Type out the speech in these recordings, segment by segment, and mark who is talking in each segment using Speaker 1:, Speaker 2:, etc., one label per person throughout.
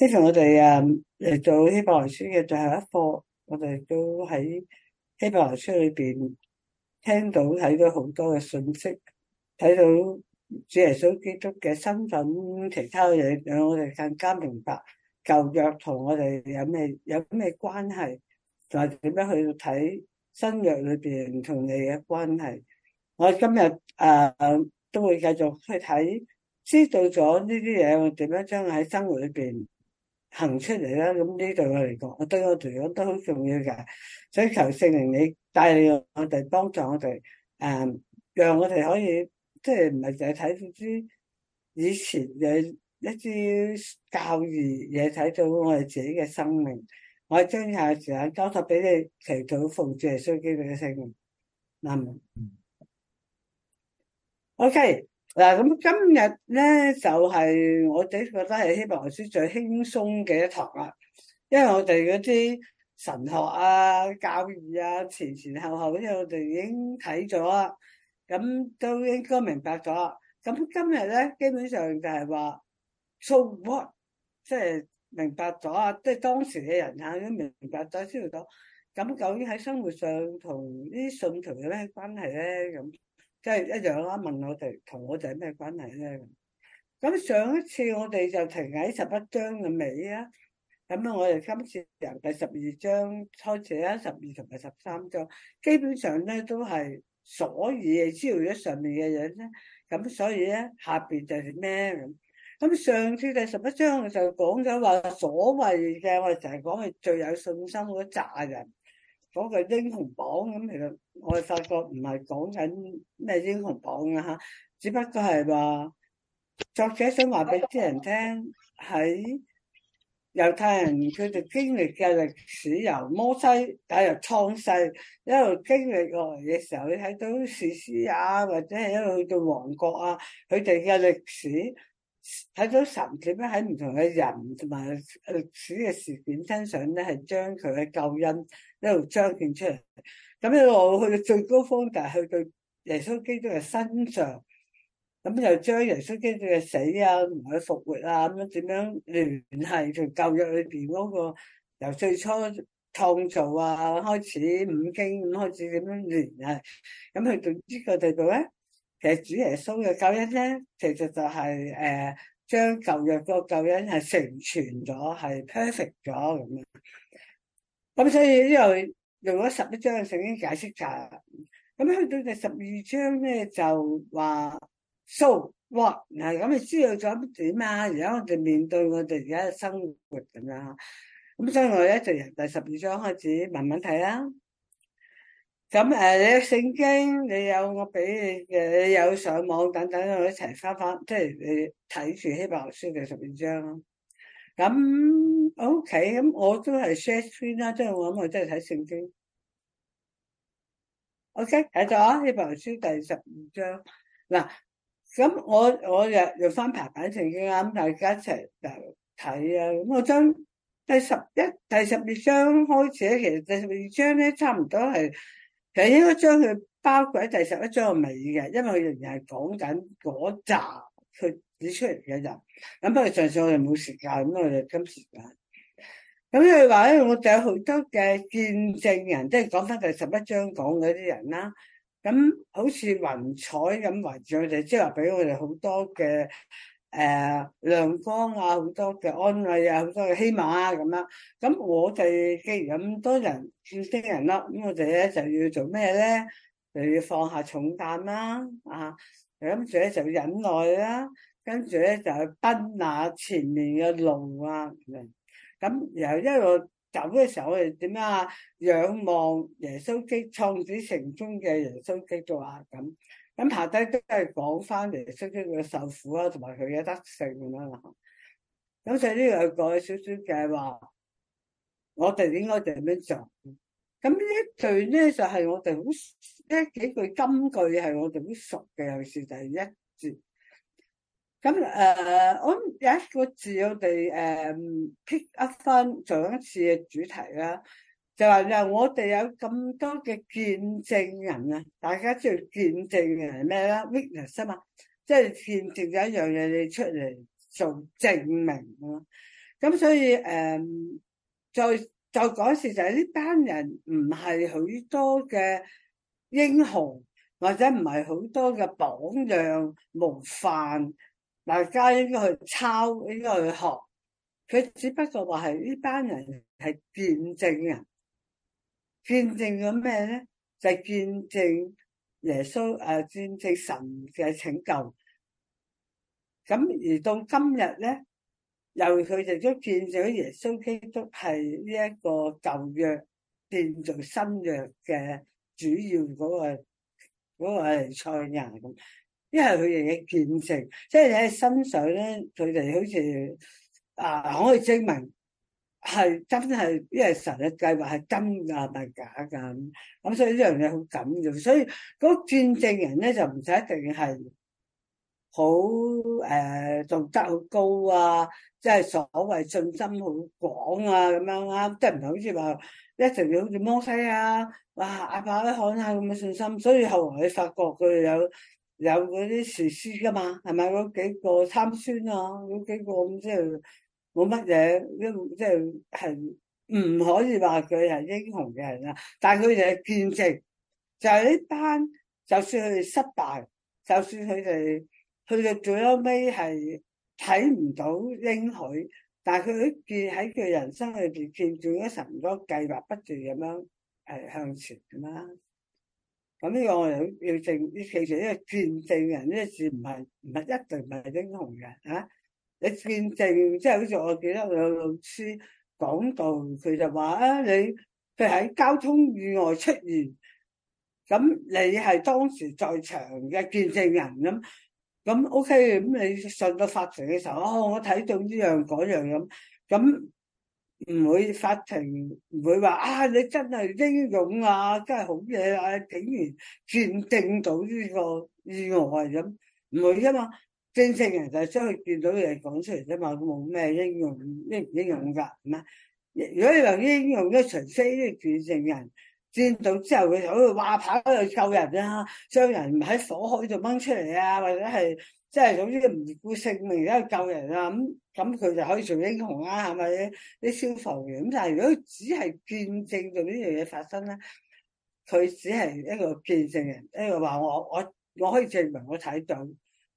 Speaker 1: 呢次我哋啊嚟做希伯來書嘅最後一課，我哋都喺希伯來書裏邊聽到睇到好多嘅信息，睇到主耶穌基督嘅身份，其他嘢我哋更加明白舊約同我哋有咩有咩關係，就係點樣去睇新約裏邊同你嘅關係。我今日啊、呃、都會繼續去睇，知道咗呢啲嘢，我點樣將喺生活裏邊。行出嚟啦，咁呢對我嚟講，我對我同樣都好重要嘅，所以求聖靈你帶領我哋幫助我哋，誒、嗯，讓我哋可以即係唔係淨係睇住啲以前嘅一啲教義嘢睇到我哋自己嘅生命，我將下時間交託俾你祈禱，奉主耶穌基督嘅聖名，嗱，嗯，O K。Okay. 嗱，咁今日咧就係、是、我哋覺得係希伯來書最輕鬆嘅一堂啦，因為我哋嗰啲神學啊、教義啊前前後後因為我哋已經睇咗啦，咁都應該明白咗啦。咁今日咧基本上就係話 so what，即係明白咗啊，即係當時嘅人啊都明白咗先到，咁究竟喺生活上同呢啲信徒有咩關係咧？咁。即係一樣啦，問我哋同我哋咩關係咧？咁上一次我哋就停喺十一章嘅尾啊，咁啊我哋今次由第十二章開始啦，十二同埋十三章，基本上咧都係所以知道咗上面嘅嘢咧，咁所以咧下邊就係咩咁？咁上次第十一章就講咗話所謂嘅我哋成日講嘅最有信心嗰啲人。嗰個英雄榜咁其實，我哋發覺唔係講緊咩英雄榜啊吓，只不過係話作者想話俾啲人聽，喺猶太人佢哋經歷嘅歷史，由摩西帶入創世一路經歷過嚟嘅時候，你睇到士師啊，或者係一路去到王國啊，佢哋嘅歷史。睇到神點樣喺唔同嘅人同埋歷史嘅事件身上咧，係將佢嘅救恩一路彰顯出嚟。咁一路去到最高峰，就係去到耶穌基督嘅身上。咁又將耶穌基督嘅死啊同佢復活啊咁樣點樣聯繫？從舊約裏邊嗰個由最初創造啊開始五經咁開始點樣聯繫？咁佢到呢個地步咧？其實主耶穌嘅救恩咧，其實就係、是、誒、呃，將舊約個救恩係成全咗，係 perfect 咗咁樣。咁所以呢，後用咗十一章聖經解釋就，咁去到第十二章咧就話，so what？係咁，你知道咗點啊？而家我哋面對我哋而家嘅生活咁樣。咁所以我咧就由第十二章開始慢慢睇啦。咁誒，你聖經你有我俾你嘅，你有上網等等，我一齊翻翻，即係你睇住希伯來書第十二章啊。咁 OK，咁我都係 share 先啦，即係我諗我真係睇聖經。OK，睇咗希伯來書第十二章嗱，咁我我又又翻排版聖經，咁大家一齊就睇啊。咁我將第十一、第十二章開始，其實第十二章咧差唔多係。就應該將佢包括喺第十一章尾嘅，因為佢仍然係講緊嗰集佢指出嚟嘅人。咁不過上次我哋冇時間，咁我哋今時間，咁你話咧，我哋有好多嘅見證人，即係講翻第十一章講嗰啲人啦。咁好似雲彩咁圍住我哋，即係話俾我哋好多嘅。誒，亮光、呃、啊，好多嘅安慰啊，好多嘅希望啊，咁啦。咁我哋既然咁多人，見證人啦、啊，咁我哋咧就要做咩咧？就要放下重擔啦、啊，啊，跟住咧就忍耐啦、啊，跟住咧就去奔啊前面嘅路啊。咁然後一路走嘅時候，我哋點啊？仰望耶穌基督，創始成終嘅耶穌基督啊，咁。咁爬低都係講翻嚟，識識佢受苦啦，同埋佢嘅德性啦。咁呢兩個講少少嘅話，我哋應該點樣做？咁呢一句咧就係我哋好呢幾句金句，係我哋好熟嘅，尤其是第一節。咁誒，我、呃、有一個字我，我哋誒 pick up 翻上一次嘅主題啦。就話又我哋有咁多嘅見證人啊！大家知道見證人係咩咧？Witness 嘛，即係見證、就係見證一樣嘢，你出嚟做證明咯。咁所以誒，再再講事就係呢班人唔係好多嘅英雄，或者唔係好多嘅榜樣模範，大家應該去抄，應該去學。佢只不過話係呢班人係見證人。見證咗咩咧？就係見證耶穌誒，見證神嘅拯救。咁而到今日咧，由佢哋都見證咗耶穌基督係呢一個舊約變做新約嘅主要嗰個嗰個菜芽咁。因為佢哋嘅見證，即係你喺心上咧，佢哋好似啊可以證明。係真係，因為神嘅計劃係真㗎，唔係假㗎。咁所以呢樣嘢好緊要。所以嗰個見證人咧就唔使一定係好誒，道德好高啊，即係所謂信心好廣啊咁樣啱。即係唔係好似話，一定要好似摩西啊、哇亞伯拉罕啊咁嘅信心。所以後來你發覺佢有有嗰啲士師書㗎嘛，係咪嗰幾個參孫啊，嗰幾個咁即係。冇乜嘢，都即係係唔可以話佢係英雄嘅人啦。但係佢哋係見證，就係、是、呢班，就算佢哋失敗，就算佢哋去到最後尾係睇唔到應許，但係佢見喺佢人生裏邊見證咗神嘅計劃，不斷咁樣係向前咁啦。咁呢個我哋要正啲記住，呢個見證人呢個字唔係唔係一定唔係英雄嘅啊。你見證，即係好似我記得有老師講到，佢就話啊，你佢喺交通意外出現，咁你係當時在場嘅見證人咁，咁 O K，咁你上到法庭嘅時候，哦，我睇到呢樣嗰樣咁，咁唔會法庭唔會話啊，你真係英勇啊，真係好嘢啊，竟然見證到呢個意外咁，唔會啊嘛。見證人就將佢見到嘅嘢講出嚟啫嘛，都冇咩英勇，英唔英勇噶？咁啊，如果又英勇，除非呢個見證人見到之後，佢就去哇跑去救人啊，將人唔喺火海度掹出嚟啊，或者係即係總之唔顧性命而家去救人啊，咁咁佢就可以做英雄啦，啊，係咪？啲消防員咁，但係如果只係見證做呢樣嘢發生咧，佢只係一個見證人，即係話我我我可以證明我睇到。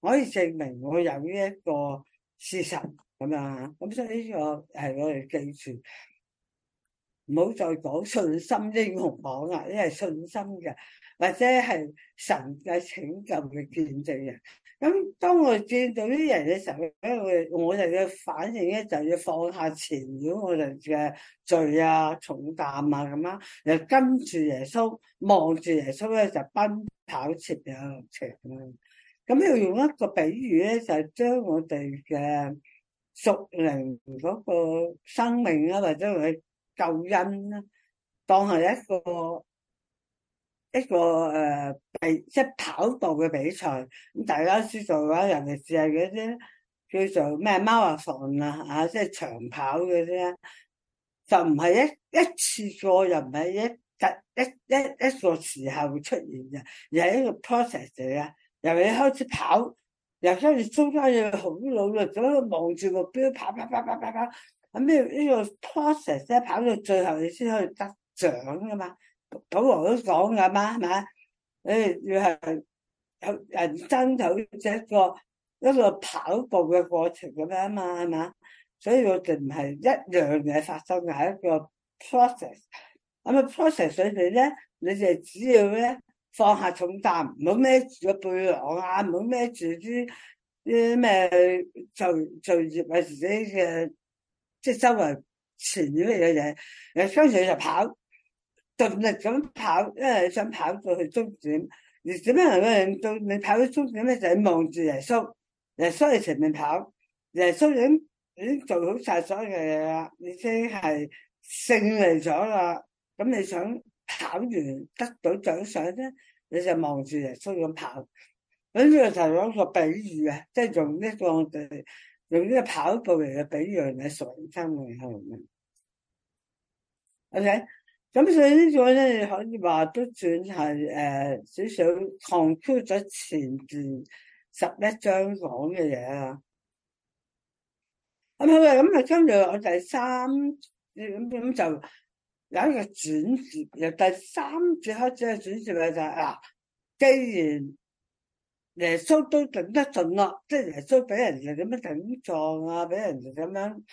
Speaker 1: 可以證明我有呢一個事實咁樣嚇，咁所以呢個係我哋記住，唔好再講信心英雄榜啦，呢係信心嘅，或者係神嘅拯救嘅見證人。咁當我哋見到呢啲人嘅時候咧，我哋我哋嘅反應咧，就要放下纏繞我哋嘅罪啊、重擔啊咁啊，就跟住耶穌，望住耶穌咧就奔跑前路程啦。咁要用一個比喻咧，就係、是、將我哋嘅屬靈嗰個生命啊，或者係救恩，當係一個一個誒比、呃、即係跑道嘅比賽。咁大家知道啦，尤其係嗰啲叫做咩馬拉松啊嚇，即係長跑嗰啲，就唔係一一次過，又唔係一突一一個一個時候會出現嘅，而係一個 process 嚟嘅。由你開始跑，由跟住中間要好老啦，走度望住個標跑，跑跑跑跑跑跑，咁咩呢個 process 跑到最後你先可以得獎噶嘛？保羅都講噶嘛係嘛？誒，你要係有人生就好似一個一個跑步嘅過程咁樣嘛係嘛？所以我哋唔係一樣嘢發生嘅，係一個 process。咁啊 process 上面咧，你就只要咧。放下重擔，唔好孭住個背囊啊，唔好孭住啲啲咩罪罪孽，或者自己嘅，即係周圍前面咩嘢嘢，誒，跟住就跑，盡力咁跑，因為你想跑到去終點。你點樣能夠到？你跑到終點咧，就望住耶穌，耶穌喺前面跑，耶穌已經已經做好晒所有嘢啦，已經係勝利咗啦。咁你想？跑完得到獎賞咧，你就望住耶穌咁跑。咁呢個就一個比喻啊，即係用呢、這個用呢個跑步嚟嘅比喻嚟水生背後 OK，咁所以個呢個咧可以話都轉係誒少少擴充咗前段十一章講嘅嘢啊。咁好啦，咁、嗯、啊跟住我第三咁咁就。有一個轉折，由第三節開始嘅轉折咪就係、是、啊，既然耶穌都頂得順啦，即係耶穌俾人哋點樣頂撞啊，俾人哋點樣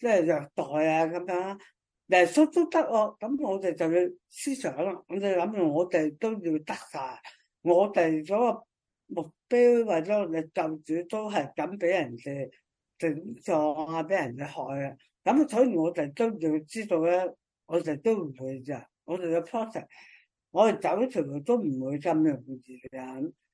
Speaker 1: 即係、就是、虐待啊咁樣，耶穌都得哦，咁我哋就要思想啦，我哋諗我哋都要得晒，我哋嗰個目標為咗嚟，救主都係咁俾人哋頂撞啊，俾人哋害啊，咁所以我哋都要知道咧。我哋都唔會就，我哋個 project 我哋走全路都唔會咁容易噶，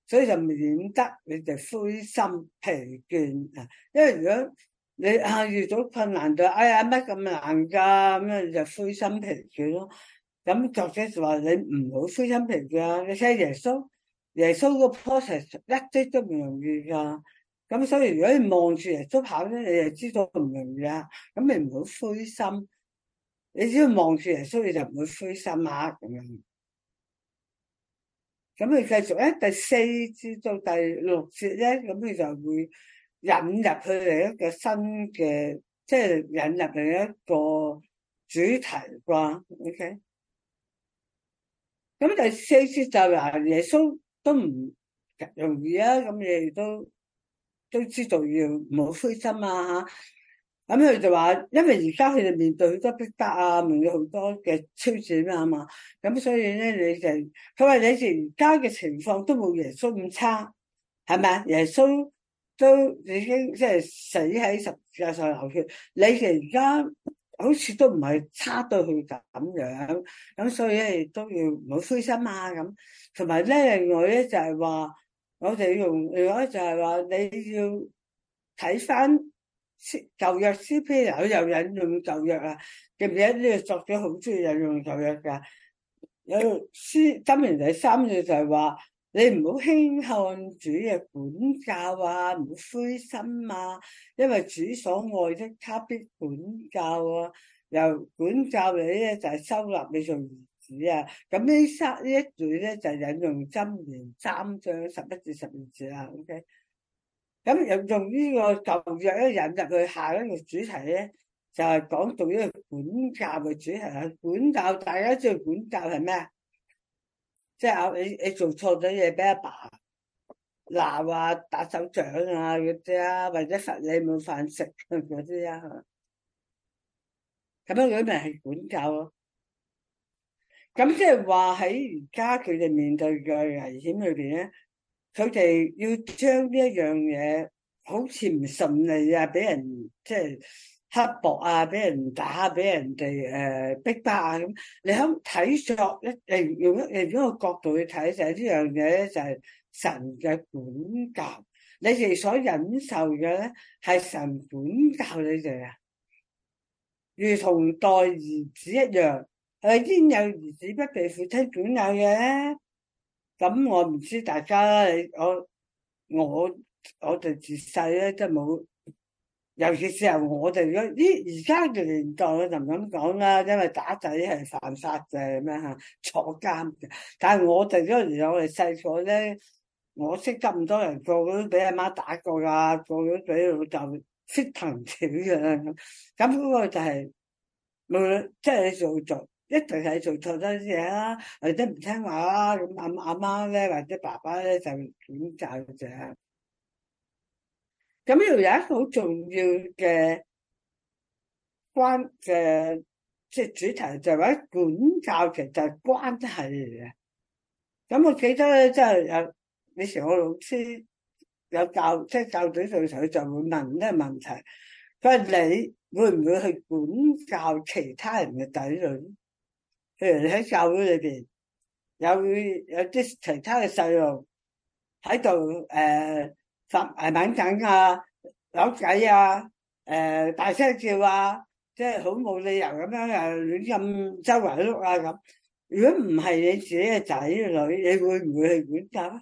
Speaker 1: 所以就免得，你哋灰心疲倦啊！因為如果你啊遇到困難就，哎呀乜咁難噶，咁啊就灰心疲倦咯。咁作者就話你唔好灰心疲倦啊！你睇耶穌，耶穌個 process 一啲都唔容易噶。咁所以如果你望住耶穌跑咧，你就知道唔容易啊，咁你唔好灰心。你只要望住耶穌，你就唔會灰心啊咁樣。咁你繼續，誒，第四節到第六節咧，咁你就會引入佢哋一個新嘅，即係引入另一個主題啩？OK。咁第四節就話耶穌都唔容易啊，咁你都都知道要唔好灰心啊吓。咁佢、嗯、就話，因為而家佢哋面對好多逼迫啊，面對好多嘅挑戰啊嘛，咁所以咧你就佢話你而家嘅情況都冇耶穌咁差，係咪啊？耶穌都已經即係死喺十字架上流血，你哋而家好似都唔係差到去咁樣，咁所以咧亦都要唔好灰心啊咁。同埋咧，另外咧就係話，我哋用如果就係話你要睇翻。舊約 C.P. 有，又引用舊約啊，記唔記得呢個作者好鍾意引用舊約噶。有 C 箴言第三句就係話：你唔好輕看主嘅管教啊，唔好灰心啊，因為主所愛的他必管教啊。由管教你咧就係、是、收納你做兒子啊。咁呢三呢一句咧就是、引用箴言三章十一至十二節啊。O.K. 咁又、嗯、用呢、這個舊約咧引入去下一個主題咧，就係、是、講到呢個管教嘅主題啊！管教大家知道，管教係咩啊？即係阿你你做錯咗嘢俾阿爸鬧啊、打手掌啊嗰啲啊，或者罰你冇飯食嗰啲啊。咁樣嗰啲咪係管教咯。咁即係話喺而家佢哋面對嘅危險裏邊咧。佢哋要將呢一樣嘢好似唔順利啊，俾人即係刻薄啊，俾人打，俾人哋誒逼迫啊咁。你喺睇作一誒用一個用一個角度去睇，就係呢樣嘢咧，就係神嘅管教。你哋所忍受嘅咧係神管教你哋啊，如同待兒子一樣。佢邊有兒子不被父親管教嘅？咁我唔知大家我我我哋自細咧都冇，尤其是係我哋嗰啲而家嘅年代，我就唔敢講啦，因為打仔係犯法嘅咩吓，坐監嘅。但係我哋嗰時我哋細個咧，我識咁多人個個都俾阿媽打過噶，個個都俾老豆食藤條嘅。咁個就係無論即係做作。一就係做錯多啲嘢啦，或者唔聽話啦，咁阿阿媽咧或者爸爸咧就管教佢哋。咁又有一個好重要嘅關嘅即係主題，就係話管教其實係關係嚟嘅。咁我記得咧，即係有，以前我老師有教，即係教仔嘅時候，佢就會問呢個問題：佢話你會唔會去管教其他人嘅仔女？譬如你喺教會裏邊有有啲其他嘅細路喺度誒，發係玩緊啊，扭計啊，誒、呃、大聲叫啊，即係好冇理由咁樣誒亂咁周圍碌啊咁。如果唔係你自己嘅仔女，你會唔會去管教？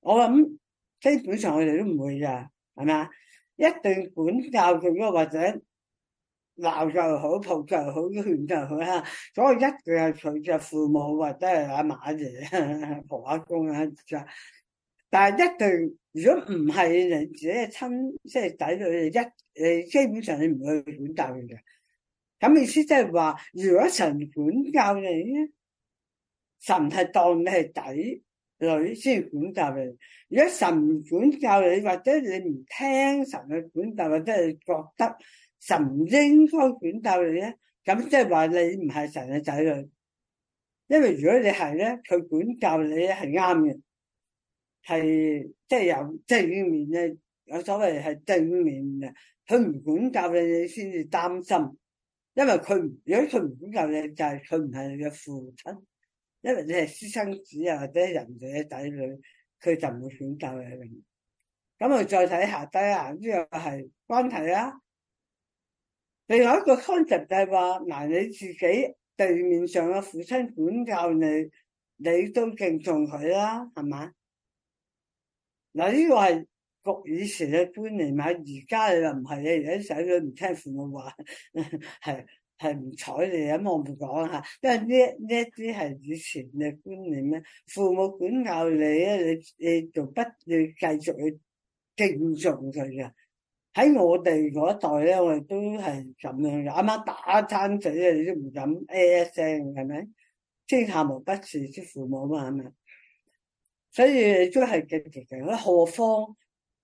Speaker 1: 我諗基本上我哋都唔會噶，係咪啊？一定管教佢咯，或者。鬧就好，抱就好，勸就好啦。所以一定係隨著父母或者係阿媽爺、阿婆阿公啊，就但係一定，如果唔係你自己嘅親，即係仔女，一誒基本上你唔會去管教佢嘅。咁意思即係話，如果神管教你，神係當你係仔女先管教你；如果神唔管教你，或者你唔聽神嘅管教，或者你覺得。神應該管教你咧，咁即係話你唔係神嘅仔女，因為如果你係咧，佢管教你係啱嘅，係即係有正面嘅，有所謂係正面嘅。佢唔管教你，你先至擔心，因為佢唔。如果佢唔管教你，就係佢唔係你嘅父親，因為你係私生子啊，或者人哋嘅仔女，佢就唔會管教你。咁啊，我再睇下低啊，呢個係關係啊。另外一個 concept 就係話，嗱，你自己地面上嘅父親管教你，你都敬重佢啦，係咪？嗱、這、呢個係國以前嘅觀念，但而家你又唔係你而家仔女唔聽父母話，係係唔睬你，咁我唔講下，因為呢呢一啲係以前嘅觀念咧，父母管教你咧，你你就不你繼續去敬重佢噶。喺我哋嗰一代咧，我哋都係咁樣，啱啱打餐仔咧，你都唔敢嗌一聲，係咪？天下無不是之父母嘛，係咪？所以都係敬虔嘅，何況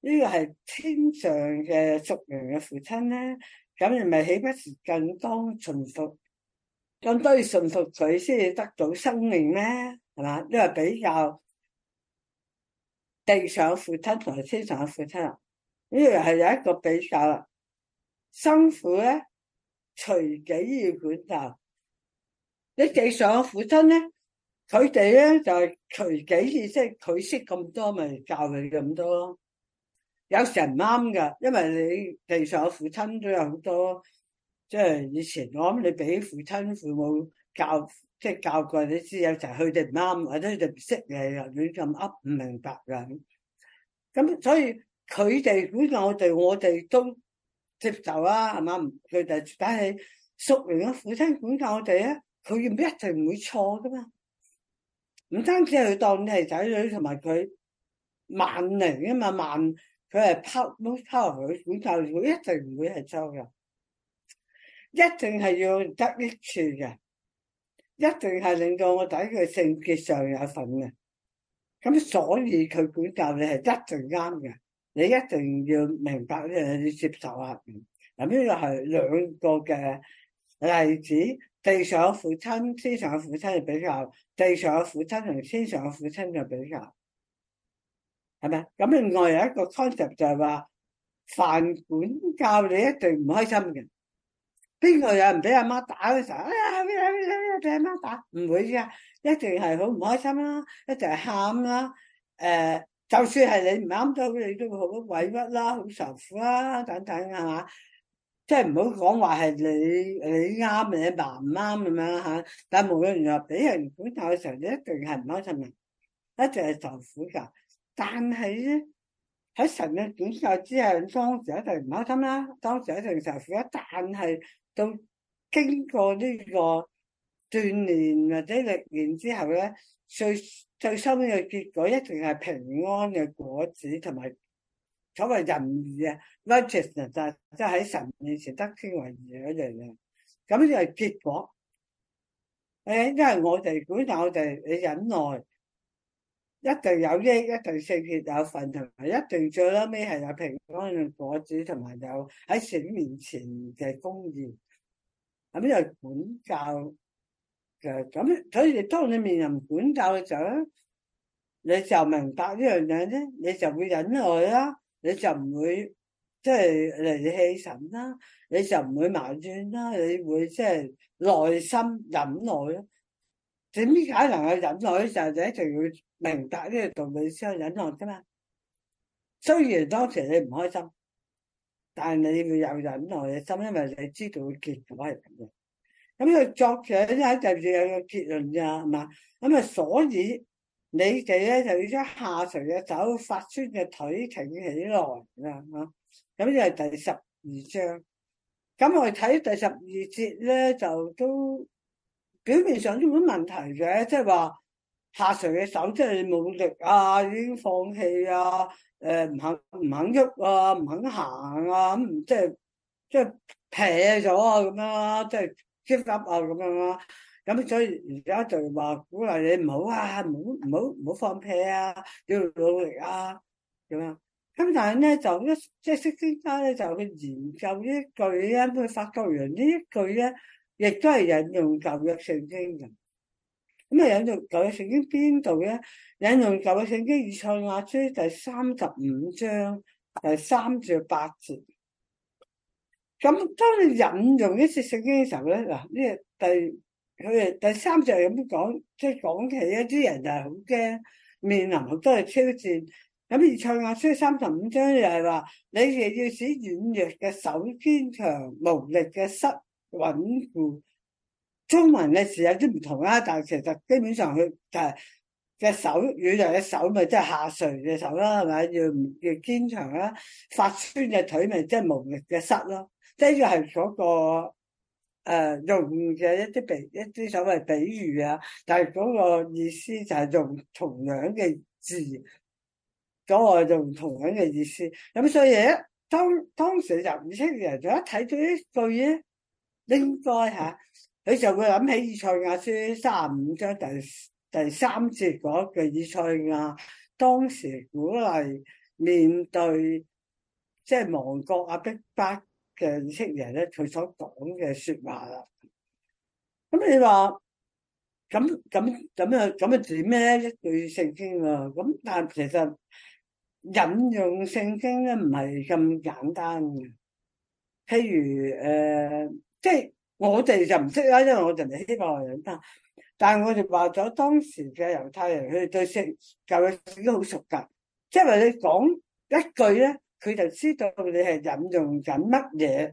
Speaker 1: 呢個係天上嘅屬靈嘅父親咧？咁你咪豈不是更多順服，更多要順服佢先至得到生命咧？係嘛？因為比較地上父親同埋天上父親。呢樣係有一個比較辛苦咧，隨己要管教。你地上嘅父親咧，佢哋咧就係隨己，即係佢識咁多咪、就是、教佢咁多咯。有時唔啱噶，因為你地上嘅父親都有好多，即、就、係、是、以前我諗你俾父親父母教，即、就、係、是、教過你知有陣佢哋唔啱，或者佢哋唔識你又亂咁噏，唔明白噶。咁所以。佢哋管教我哋，我哋都接受啦，係嘛？佢哋但係熟人嘅父親管教我哋咧，佢一定唔會錯噶嘛。唔單止係當你係仔女，同埋佢萬靈啊嘛萬，佢係拋拋佢管教，佢一定唔會係錯嘅，一定係要得益處嘅，一定係令到我仔嘅聖潔上有份嘅。咁所以佢管教你係一定啱嘅。你一定要明白呢樣嘢，接受啊！咁呢個係兩個嘅例子，地上嘅父親，天上嘅父親比較；地上嘅父親同天上嘅父親嘅比較，係咪？咁另外有一個 concept 就係話，凡管教你一定唔開心嘅。邊個有人俾阿媽打嘅時候、啊，哎呀俾阿媽打，唔會嘅，一定係好唔開心啦，一定係喊啦，誒、呃。就算係你唔啱咗，你都會好委屈啦，好受苦啦，等等係嘛？即係唔好講話係你你啱嘅，你爸唔啱咁樣吓。但無論如何，俾人管教嘅時候，你一定係唔開心，一定係受苦噶。但係咧喺神嘅管教之下，當時一定唔開心啦，當時一定受苦啦。但係到經過呢個鍛煉或者歷練之後咧，最最收尾嘅結果一定係平安嘅果子，同埋所謂仁義啊，righteousness 啊，即係喺神面前得稱為仁義嗰啲嘢。咁就係結果。誒，因為我哋管教我哋，你忍耐，一定有益，一定聖潔有份，同埋一定最嬲尾係有平安嘅果子，同埋有喺神面前嘅公義。咁就係管教。嘅咁，所以你當你面臨管教嘅時候咧，你就明白呢樣嘢咧，你就會忍耐啦，你就唔會即係離棄神啦，你就唔會埋怨啦，你會即係耐心忍耐咯。點解能夠忍耐咧？就就一定要明白呢個道理先忍耐啫嘛。雖然當時你唔開心，但係你會有忍耐嘅心，因為你知道結果係點嘅。咁佢作者咧就第二樣嘅結論咋，係嘛？咁啊，所以你哋咧就要將下垂嘅手、發酸嘅腿挺起來啦，吓。咁呢係第十二章。咁我哋睇第十二節咧就都表面上都冇問題嘅、就是，即係話下垂嘅手即係冇力啊，已經放棄啊，誒唔肯唔肯喐啊，唔肯行啊，咁即係即係撇咗啊，咁樣啦，即係。激立啊咁樣啊，咁所以而家就話鼓勵你唔好啊，唔好唔好唔好放屁啊，你要努力啊咁啊。咁但係咧就一即係，啲專家咧就去研究呢句咧，咁佢發掘完呢一句咧，亦都係引用舊約聖經嘅。咁啊，引用舊約聖經邊度咧？引用舊約聖經以賽亞書第三十五章第三至八節。咁當你引用呢節聖經嘅時候咧，嗱呢個第佢啊第三隻有乜講？即係講起一啲人就係好驚，面臨好多嘅挑戰。咁以賽亞書三十五章又係話，你哋要使軟弱嘅手堅強，無力嘅膝穩固。中文咧是有啲唔同啦，啊，但係其實基本上佢就係嘅手軟弱嘅手咪即係下垂嘅手啦，係咪？要唔要堅強啦？發酸嘅腿咪即係無力嘅膝咯。即係嗰個誒、呃、用嘅一啲比一啲所謂比喻啊，但係嗰個意思就係用同樣嘅字，嗰、那個用同樣嘅意思。咁所以當當時就唔清嘅人，就一睇咗呢句嘢，應該吓佢就會諗起以賽亞書三十五章第第三節嗰句以賽亞當時鼓勵面對即係、就是、亡國壓迫嘅以色列咧，佢所講嘅説話啦，咁你話咁咁咁樣咁樣點咩一句聖經喎、啊？咁但係其實引用聖經咧，唔係咁簡單嘅。譬如誒、呃，即係我哋就唔識啦，因為我哋唔係呢個老人家。但係我哋話咗當時嘅猶太人，佢哋對聖教會都好熟噶，即係話你講一句咧。佢就知道你係引用緊乜嘢，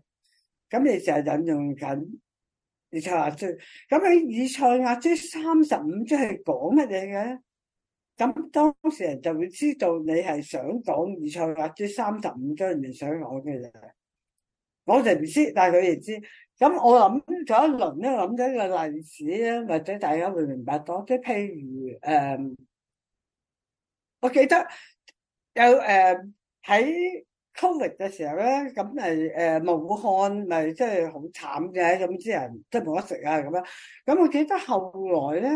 Speaker 1: 咁你就係引用緊以賽亞書。咁喺以賽亞書三十五即係講乜嘢嘅？咁當時人就會知道你係想講以賽亞書三十五章入面想講嘅嘢。我哋唔知，但係佢哋知。咁我諗咗一輪咧，諗咗一個例子咧，或者大家會明白多啲。譬如誒，uh, 我記得有誒。Uh, 喺 COVID 嘅時候咧，咁咪誒武漢咪真係好慘嘅，咁啲人真係冇得食啊咁樣。咁我記得後來咧，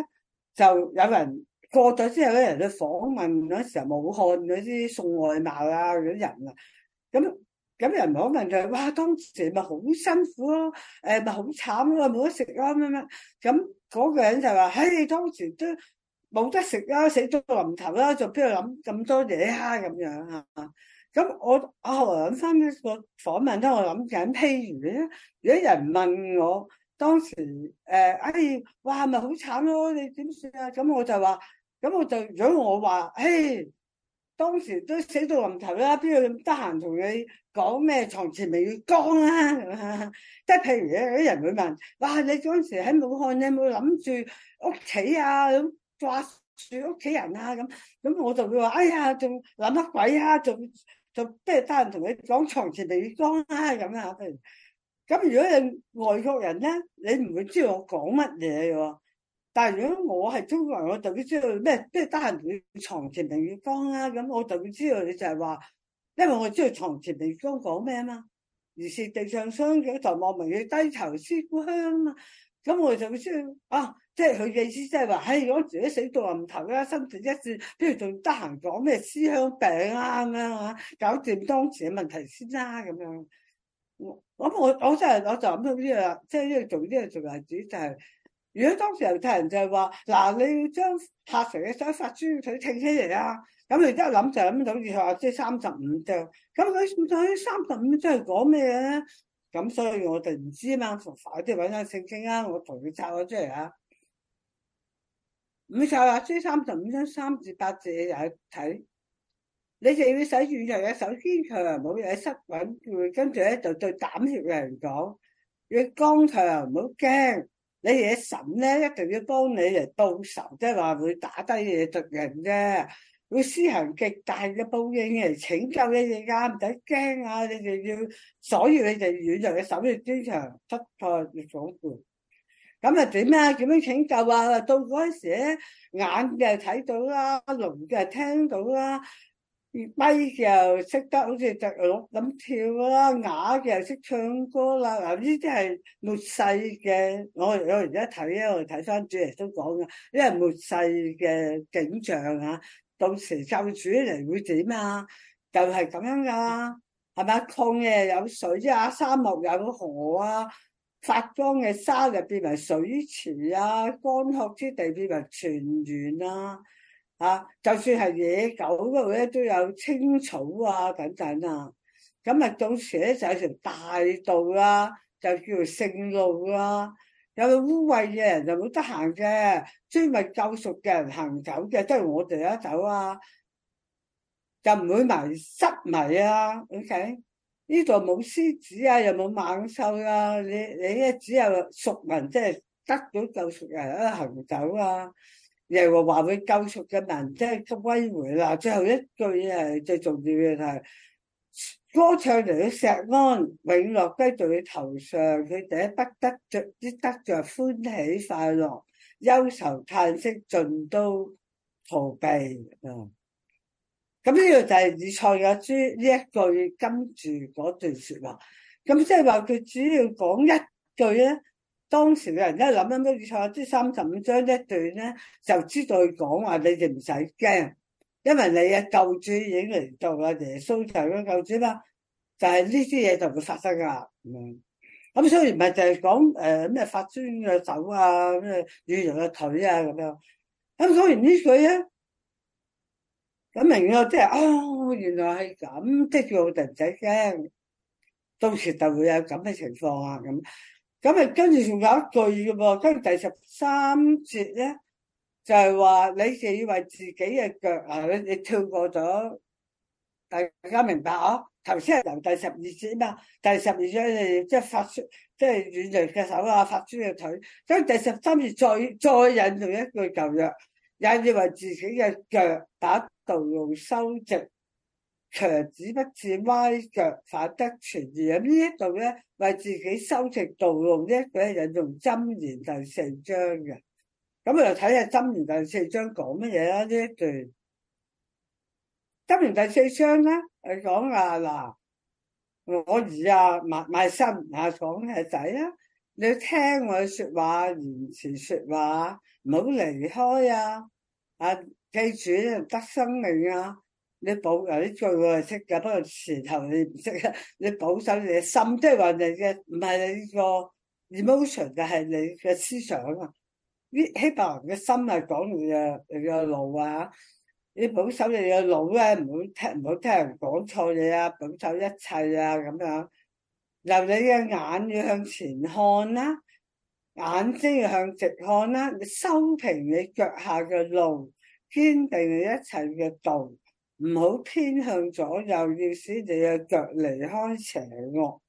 Speaker 1: 就有人過咗之後咧，人去訪問嗰時候武漢嗰啲送外賣啊嗰啲人啊，咁咁人訪問就係哇，當時咪好辛苦咯、啊，誒咪好慘咯、啊，冇得食咯咩咩。咁嗰個人就話，嘿，當時都冇得食啦、啊，死咗到臨頭啦，就邊度諗咁多嘢啊？咁樣啊！咁我、啊、我後來諗翻呢個訪問，都我諗緊，譬如咧，如果有人問我當時誒，哎、欸，哇，係咪好慘咯，你點算啊？咁我就話，咁我就如果我話，嘿，當時都死到臨頭啦，邊度咁得閒同你講咩床前明月光啊？即 係譬如有啲人會問，哇，你當時喺武漢，你有冇諗住屋企啊？咁掛住屋企人啊？咁咁我就會話，哎呀，仲諗乜鬼啊？仲？就即係得閒同你講床前明月光啦咁啊，咁如果你係外國人咧，你唔會知道我講乜嘢喎。但係如果我係中國人，我特別知道咩，即得閒同你床前明月光啦、啊、咁，我特別知道你就係話，因為我知道床前明月光講咩啊嘛，於是地上霜，舉頭望明月，低頭思故鄉啊嘛。咁我就會知道啊。即係佢嘅意思，即係話，唉，我自己死到臨頭啦，心直一轉，不如仲得閒講咩思鄉病啊咁樣啊，搞掂當前嘅問題先啦、啊、咁樣。我咁我我真係我就諗到呢、這、樣、個，即係因為做呢樣做例子就係、是，如果當時有人就係話，嗱，你要將拍成嘅三十八章取請出嚟啊？咁你即係諗就諗到好似話即係三十五章，咁佢佢三十五章係講咩咧？咁所以我哋唔知啊嘛，快啲搵張聖經啊，我同佢拆咗出嚟啊。唔使話追三十五章三至八字，你又睇，你就要使住軟弱嘅手堅強，又冇嘢失穩住。會跟住喺度對膽怯嘅人講，要剛強，唔好驚。你嘅神咧一定要幫你嚟報仇，即係話會打低你嘅敵人啫，會施行極大嘅報應嚟拯救你哋啱唔使驚啊，你哋要，所以你就要軟弱嘅手堅強，突破逆風。咁啊點啊？點樣拯救啊？到嗰陣時咧，眼嘅睇到啦，聾嘅聽到啦，跛嘅識得好似隻鹿咁跳啦，啞嘅識唱歌啦。嗱呢啲係末世嘅，我有時一睇啊，睇翻主嚟都講嘅，呢係末世嘅景象啊。到時救主嚟會點啊？就係、是、咁樣噶，係咪啊？曠野有水啫，啊沙漠有河啊。發光嘅沙就變為水池啊，乾涸之地變為泉源啊。吓、啊、就算係野狗嗰度咧都有青草啊，等等啊，咁啊，到時咧就有條大道啦，啊，就叫做聖路啦，啊，有個污穢嘅人就冇得行嘅，專係救贖嘅人行走嘅，都係我哋一走啊，就唔會埋失迷啊，OK。呢度冇獅子啊，又冇猛獸啊！你你一只有贖民，即係得到救贖，人啊，行走啊，又話話會救贖嘅民，即係咁恢復嗱。最後一句嘢係最重要嘅就係，歌唱嚟到錫安永樂低在你頭上，佢哋必得着，啲得着歡喜快樂，憂愁嘆息，盡都逃避啊！嗯咁呢度就係以賽亞書呢一句跟住嗰段說話，咁即係話佢只要講一句咧，當時嘅人想一諗諗以賽亞書啲三十五章一段咧，就知道佢講話你哋唔使驚，因為你嘅救主已經嚟到啦，耶穌就係個救主啦，就係呢啲嘢就會發生噶咁樣。咁、嗯、雖然唔係就係講誒咩發尊嘅手啊，咩羽人嘅腿啊咁樣，咁所以呢句咧。咁明咯，即係哦，原來係咁，即係叫我哋唔使驚，到時就會有咁嘅情況啊咁。咁啊，跟住仲有一句嘅噃，跟住第十三節咧，就係話你以為自己嘅腳啊，你跳過咗，大家明白哦、啊？頭先係由第十二節啊嘛，第十二節即係發酸，即係軟弱嘅手啊，發酸嘅腿，咁第十三節再再引用一句舊約。也以為自己嘅腳打道路修直，強子不至歪腳反得全而啊！而呢一度咧為自己修直道路啫，佢係引用針言第四章嘅，咁我就睇下針言第四章講乜嘢啦呢一段？針言第四章咧，係講啊嗱，我兒啊賣賣身啊，講係仔啊。你聽我說話，言詞說話，唔好離開啊！啊，記住得生命啊！你保有啲最我係識嘅，不過前頭你唔識啊！你保守你嘅心，即係話你嘅唔係你個 emotion，就係你嘅思想啊！呢希伯人嘅心係講你嘅你嘅路啊！你保守你嘅腦咧，唔好聽唔好聽人講錯嘢啊！保守一切啊，咁樣。留你嘅眼要向前看啦，眼睛要向直看啦。你收平你腳下嘅路，堅定你一切嘅道，唔好偏向左右，要使你嘅腳離開邪惡。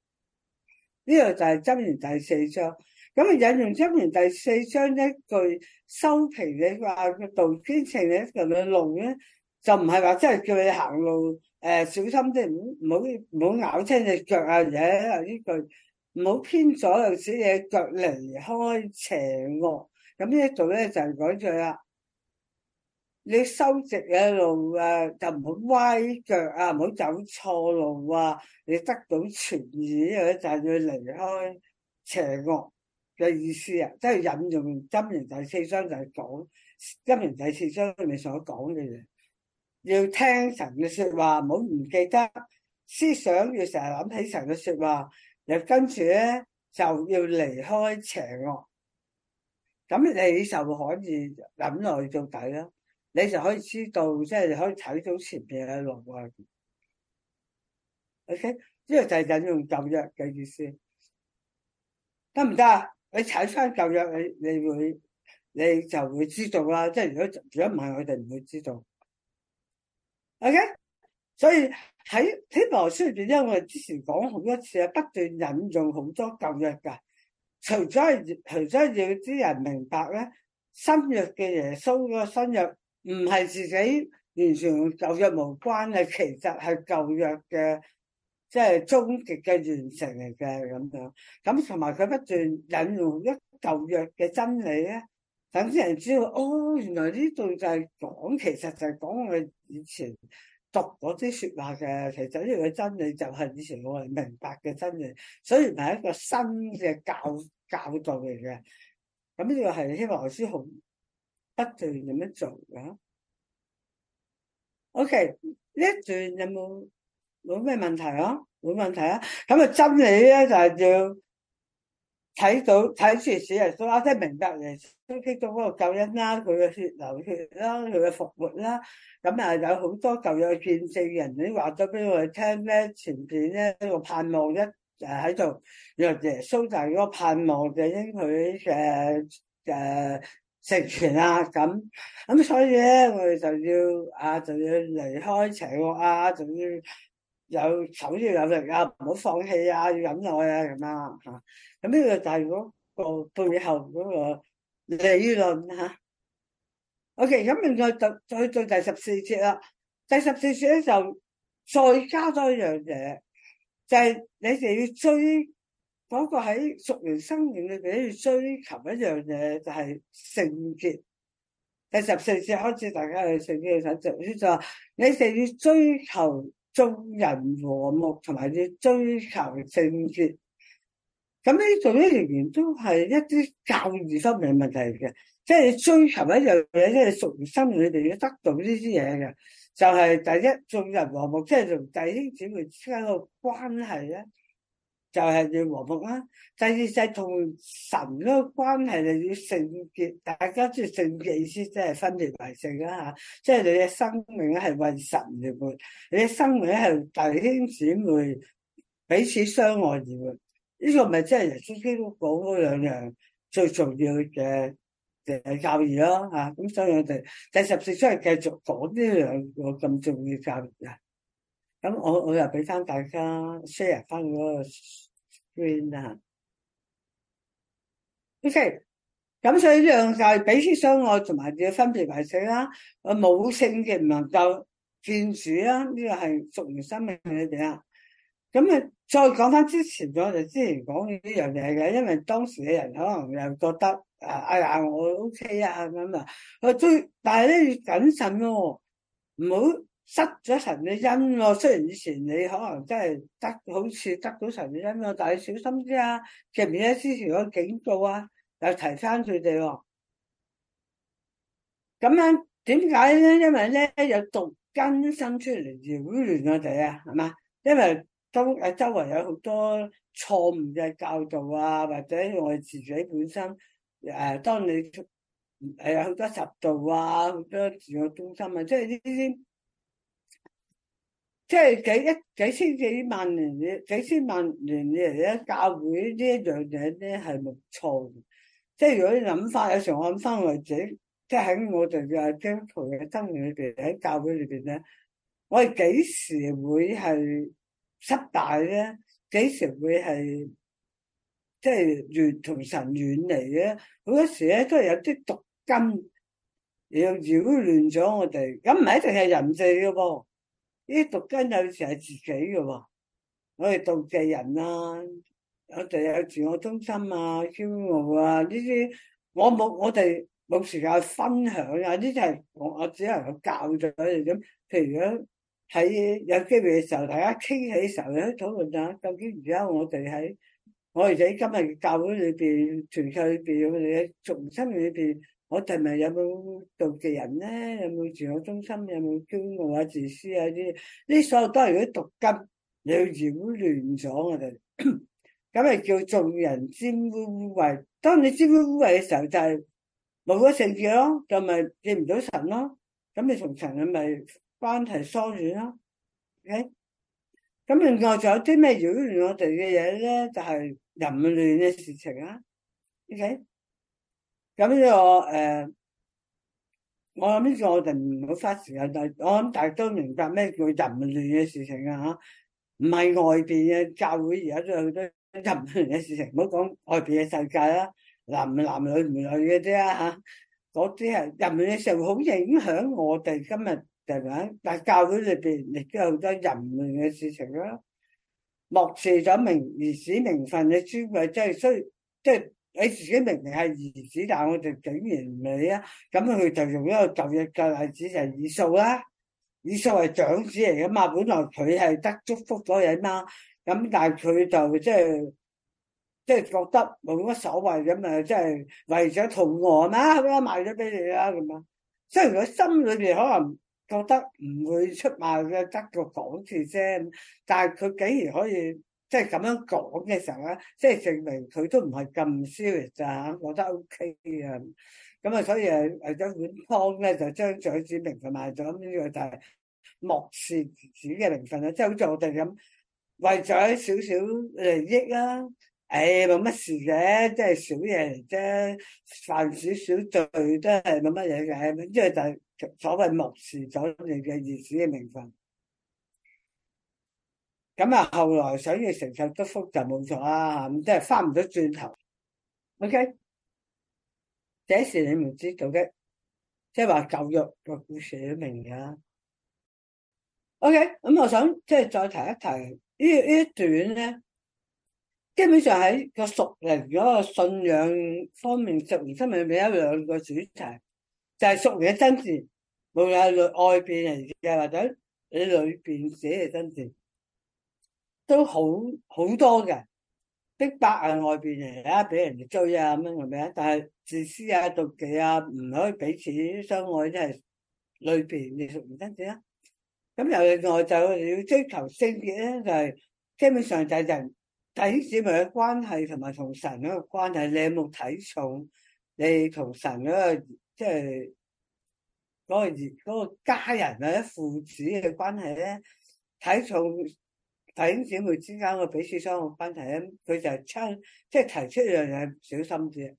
Speaker 1: 呢度就係《箴言》第四章，咁啊引用《箴言》第四章一句：收平你腳下嘅道，堅定你一切嘅路咧，就唔係話真係叫你行路。誒、呃，小心啲，唔唔好唔好咬親隻腳啊嘢啊呢句，唔好偏左腳離，使嘢腳離開邪惡。咁呢度咧就係講住啦，你修直嘅路誒、啊，就唔好歪腳啊，唔好走錯路啊。你得到全意，就係要離開邪惡嘅意思啊。即、就、係、是、引用《箴言第四章就講》就係講《箴言第四章講》裏面所講嘅嘢。要聽神嘅說話，唔好唔記得。思想要成日諗起神嘅說話，又跟住咧就要離開邪惡。咁你就可以諗落去到底啦。你就可以知道，即係可以睇到前面嘅路啊。OK，呢個就係引用舊約嘅意思，得唔得啊？你踩翻舊約，你你會你就會知道啦。即係如果如果唔係，我哋唔會知道。O.K.，所以喺《希伯來書》裏，因為我之前講好多次啊，不斷引用好多舊約嘅，除咗係除咗要啲人明白咧，新約嘅耶穌個新約唔係自己完全舊約無關嘅，其實係舊約嘅即係終極嘅完成嚟嘅咁樣。咁同埋佢不斷引用一舊約嘅真理啊。等啲人知道，哦，原來呢度就係講，其實就係講我以前讀嗰啲說話嘅，其實呢個真理就係以前我哋明白嘅真理，所以唔係一個新嘅教教導嚟嘅。咁呢個係希望何書紅不斷咁樣做嘅。OK，呢段有冇冇咩問題啊？冇問題啊。咁啊，真理咧就係、是、要。睇到睇住耶穌啊，即係明白耶穌基督嗰個救恩啦，佢嘅血流血啦，佢嘅復活啦，咁啊有好多舊約見證人你話咗俾我哋聽咧前邊咧個盼望一誒喺度，耶穌就係個盼望應許誒誒實現啊咁，咁所以咧我哋就要啊就要離開邪惡啊就要。就要有手要有力啊！唔好放棄啊！要忍耐啊，樣啊！咁啊嚇。咁呢個就係如果個背後嗰個理論嚇、啊、，OK。咁然後就再做第十四節啦。第十四節咧就再加多一樣嘢，就係、是、你哋要追嗰、那個喺熟人生命裏邊要追求一樣嘢，就係、是、聖潔。第十四節開始，大家去聖潔嘅時候。佢就話：你哋要追求。眾人和睦，同埋要追求聖潔，咁呢，仲都仍然都係一啲教義心理問題嘅，即係你追求一樣嘢，即係屬於心理，你哋要得到呢啲嘢嘅，就係、是、第一，眾人和睦，即係同弟兄姊妹之間個關係咧。就係要和睦啦、啊，第二就同神嗰個關係就要聖潔，大家即係聖潔意思即係分別為聖啦嚇，即、啊、係、就是、你嘅生命咧係為神而活，你嘅生命咧係弟兄姊妹彼此相愛而活，呢、這個咪即係耶穌基督講嗰兩樣最重要嘅嘅教義咯嚇，咁、啊、所以我哋第十四章係繼續講呢兩個咁重要教育。啊。咁我我又俾翻大家 share 翻嗰個 screen 啦，OK。咁所以呢樣就係彼此相愛，同埋要分別為聖啦。啊，冇聖嘅唔能夠見主啦，呢個係屬於生命你哋啦。咁啊，再講翻之前，我哋之前講呢樣嘢嘅，因為當時嘅人可能又覺得啊，哎呀，我 OK 啊咁啊，最但係咧要謹慎喎、哦，唔好。失咗神嘅恩咯，雖然以前你可能真係得，好似得到神嘅恩咯，但係小心啲啊！前面咧之前嗰警告啊，又提翻佢哋喎。咁樣點解咧？因為咧有毒根生出嚟，擾亂我哋啊，係嘛？因為周誒周圍有好多錯誤嘅教導啊，或者我哋自己本身誒、呃，當你誒有好多十度啊，好多自我中心啊，即係呢啲。即係幾一幾千幾萬年，幾千萬年嘅人嘅教會呢一樣嘢咧，係冇錯。即係如果你諗翻，有時我諗翻嚟，者即係喺我哋嘅基督徒嘅生命裏邊，喺教會裏邊咧，我哋幾時會係失敗咧？幾時會係即係遠同神遠離咧？好多時咧都係有啲毒根又擾亂咗我哋，咁唔係一定係人性嘅噃。啲毒根有時係自己嘅喎，我哋妒忌人啊，我哋有自我中心啊、驕傲啊呢啲，我冇我哋冇時間去分享啊，呢啲係我我只係去教咗你咁。譬如果喺有機會嘅時候，大家傾起嘅時候，你去討論下究竟而家我哋喺我哋喺今日教會裏邊、團契裏邊有冇嘢重新面對？我哋咪有冇妒忌人咧？有冇自我中心？有冇驕傲啊、自私啊啲？呢所有都係如果毒根，你擾亂咗我哋，咁咪 叫做人沾污污穢。當你沾污污穢嘅時候，就係冇咗聖潔咯，就咪、是、見唔到神咯。咁你從神就關係疏，你咪翻係疏遠咯。O K，咁另外仲有啲咩擾亂我哋嘅嘢咧？就係淫亂嘅事情啦、啊。O K。咁呢、那個誒、呃，我諗呢個我哋唔好花時間。但我諗大家都明白咩叫淫亂嘅事情啊？吓，唔係外邊嘅教會而家都有好多淫亂嘅事情。唔好講外邊嘅世界啦，男男女唔女嘅啫吓，嗰啲係淫亂嘅社會好影響我哋今日，係、啊、咪但係教會裏邊亦都有好多淫亂嘅事情啦。漠視咗名而史名分嘅尊貴，即係衰，即係。就是你自己明明係兒子，但係我哋竟然唔理啊！咁佢就用一個舊日嘅例子就係以掃啦，以掃係長子嚟噶嘛，本來佢係得祝福咗人啦，咁但係佢就即係即係覺得冇乜所謂咁啊，即係為咗肚餓，啦，咁啊賣咗俾你啦咁啊，雖然佢心裏邊可能覺得唔會出賣嘅，得個講字啫，但係佢竟然可以。即係咁樣講嘅時候咧，即係證明佢都唔係咁 serious，覺得 OK 啊。咁啊，所以誒、啊、為咗碗湯咧，就將長子名份賣咗。咁呢個就係漠視自己嘅名份，啦、啊。即係好似我哋咁，為咗少少利益啦、啊，誒冇乜事嘅，即係少嘢嚟啫，犯少少罪都係冇乜嘢嘅。因為就係所謂漠視咗你嘅兒子嘅名份。咁啊，後來想要承受祝福就冇錯啦，咁即係翻唔到轉頭。OK？這是你唔知道嘅，即係話舊約就寫明嘅。O K，咁我想即係再提一提呢呢一段咧，基本上喺個屬靈嗰個信仰方面，屬靈生命裡邊有兩個主題，就係屬靈嘅真善，無論係外邊人嘅或者你裏邊寫嘅真善。都好好多嘅，逼白啊外邊嚟啊，俾人哋追啊咁樣係咪啊？但係自私啊、妒忌啊，唔可以彼此相愛，即係裏邊你熟唔跟住啊？咁又另外就要追求升跌咧，就係、是、基本上就係人，弟兄姊妹嘅關係同埋同神嗰個關係，你有冇睇重你？你同神嗰個即係嗰個嗰個家人或者父子嘅關係咧，睇重。弟兄姊妹之間嘅彼此相互關心，佢就出即係提出一樣嘢小心啲。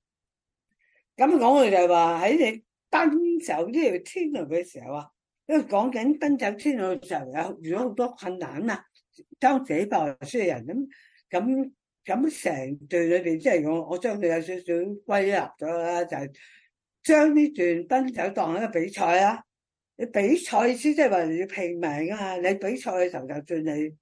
Speaker 1: 咁講，佢就係話喺你奔走呢條天路嘅時候啊，因為講緊奔走天路就有遇到好多困難啦，走幾步先有人咁咁咁成段裏邊，即係我我將佢有少少歸納咗啦，就係將呢段奔走當一個比賽啊。你比賽意思即係話要拼命啊！你比賽嘅時候就算你。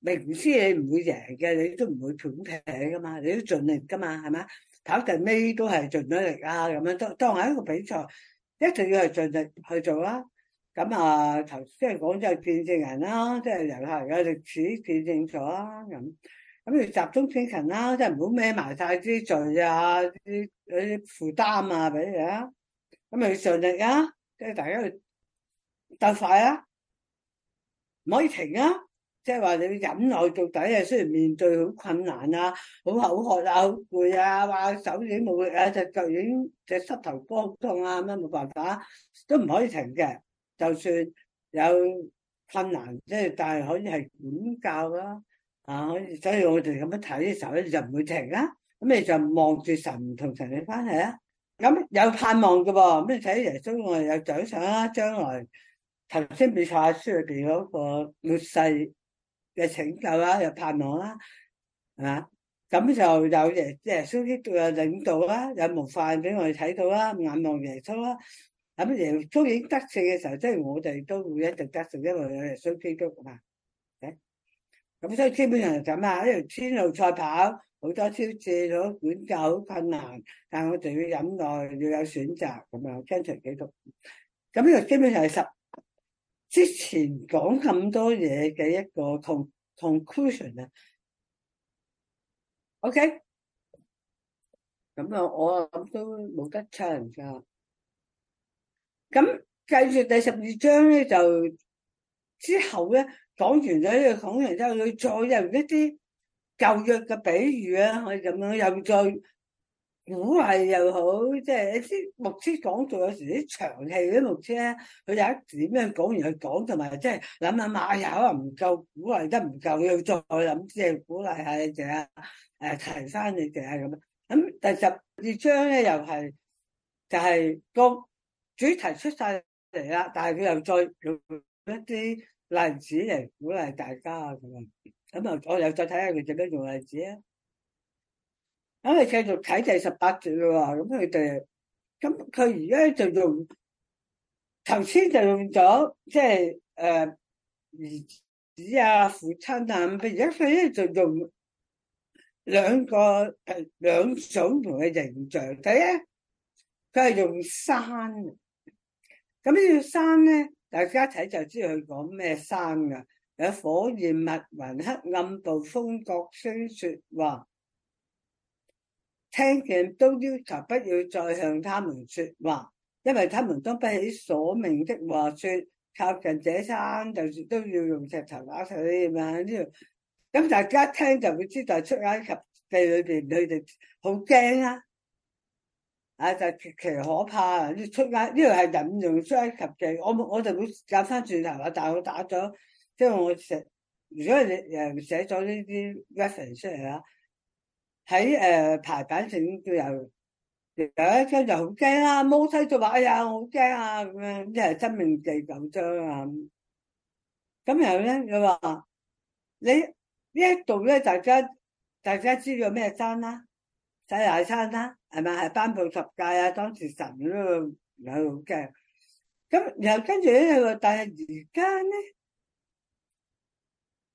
Speaker 1: 明知你唔會贏嘅，你都唔會斷皮噶嘛，你都盡力噶嘛，係咪？跑最尾都係盡咗力啊，咁樣都當當係一個比賽，一定要係盡力去做啦。咁啊，頭先係講就見證人啦、啊，即係由下而家歷史見證咗啦，咁咁要集中精神啦，即係唔好孭埋晒啲罪啊，啲嗰啲負擔啊俾你啊，咁咪盡力啊，即係大家鬥快啊，唔可以停啊。即係話你要忍耐到底啊！雖然面對好困難啊、好口渴啊、好攰啊，話手軟冇力啊，隻腳軟，隻膝頭哥痛啊，咩冇辦法、啊，都唔可以停嘅。就算有困難，即係但係可以係管教啦。啊，所以我哋咁樣睇嘅時候咧，就唔會停啦、啊。咁你就望住神同神嘅關係啊。咁有盼望嘅噃、啊。咩睇喺耶穌我有獎賞啦。將來頭先比睇書入邊嗰個烈士。又拯救啦，又盼望啦，係嘛？咁就有耶，即係耶穌基督嘅領導啦，有模範俾我哋睇到啦，眼望耶穌啦。咁耶穌已經得勝嘅時候，即係我哋都會一直得勝，因為有耶穌基督嘛。誒，咁所以基本上就咁呀，一條天路賽跑，好多超借咗管教好困難，但我哋要忍耐，要有選擇咁樣跟隨基督。咁呢個基本上係十。之前講咁多嘢嘅一個 con conclusion 啊，OK，咁啊我諗都冇得差人差，咁繼住第十二章咧就之後咧講完咗，呢個講完之後佢再入一啲舊約嘅比喻啊，可以咁樣又再。鼓勵又好，即係啲牧師講做、就是啊，有時啲長氣啲牧師咧，佢又一點樣講完去講，同埋即係諗諗，阿友可能唔夠鼓勵得唔夠，要再諗即係鼓勵下你哋啊，誒，提生你哋啊咁樣。咁第十二章咧又係就係、是、個主題出晒嚟啦，但係佢又再用一啲例子嚟鼓勵大家咁樣。咁啊，我又再睇下佢做咩用例子啊？咁你繼續睇第十八節啦喎，咁佢哋，咁佢而家就用頭先就用咗，即係誒、呃、兒子啊、父親啊咁，佢而家佢咧就用兩個誒兩種唔同嘅形象。第一，佢係用山，咁呢個山咧，大家睇就知佢講咩山啊，有火焰、密雲、黑暗、暴風、角聲、説話。聽見都要求不要再向他們說話，因為他們都不起所命的話說，靠近這山就是都要用石頭打佢嘛呢度。咁大家聽就會知道出埃及地裏邊佢哋好驚啊，啊就極其可怕啊！出埃及呢個係引用出埃及記，我我就會夾翻轉頭啊，大佬打咗，即係我寫，如果你又寫咗呢啲 reference 出嚟啊。喺誒、呃、排版上都有有一張就好驚啦，摩、啊、西就話：哎呀，我好驚啊咁樣，即係真命地九張啊！咁然後咧佢話：你一呢一度咧，大家大家知道咩山啦、啊？西奈山啦、啊，係咪係頒布十誡啊？當時神嗰度有好驚。咁然後跟住咧佢話：但係而家咧。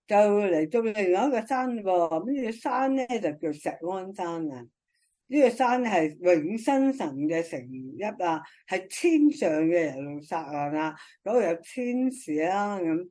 Speaker 1: 就會嚟到另外一個山喎，咁、那、呢個山咧就叫錫安山啊。呢、這個山咧係永生神嘅城邑啊，係天上嘅耶路撒冷啊，咁又有天使啦咁，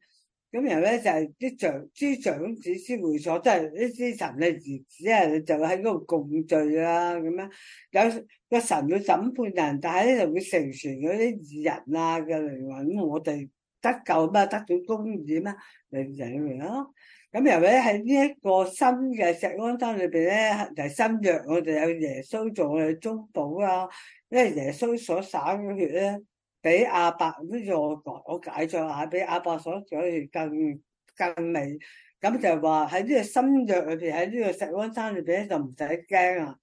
Speaker 1: 咁然後咧就係、是、啲長諸長子之會所，即係啲神嘅兒子啊，就喺嗰度共聚啦咁啊。有、那個神要審判人，但係咧就會成全嗰啲人啊嘅靈魂我哋。得救咩，得到公義咩，你就要明咯。咁又喺喺呢一個新嘅錫安山裏邊咧，就係新約我哋有耶穌做我哋中保啊，因為耶穌所撒嘅血咧，比亞伯，跟住我解我解咗下，比亞伯所撒嘅血更更美。咁就係話喺呢個新約裏邊，喺呢個錫安山裏邊咧，就唔使驚啊。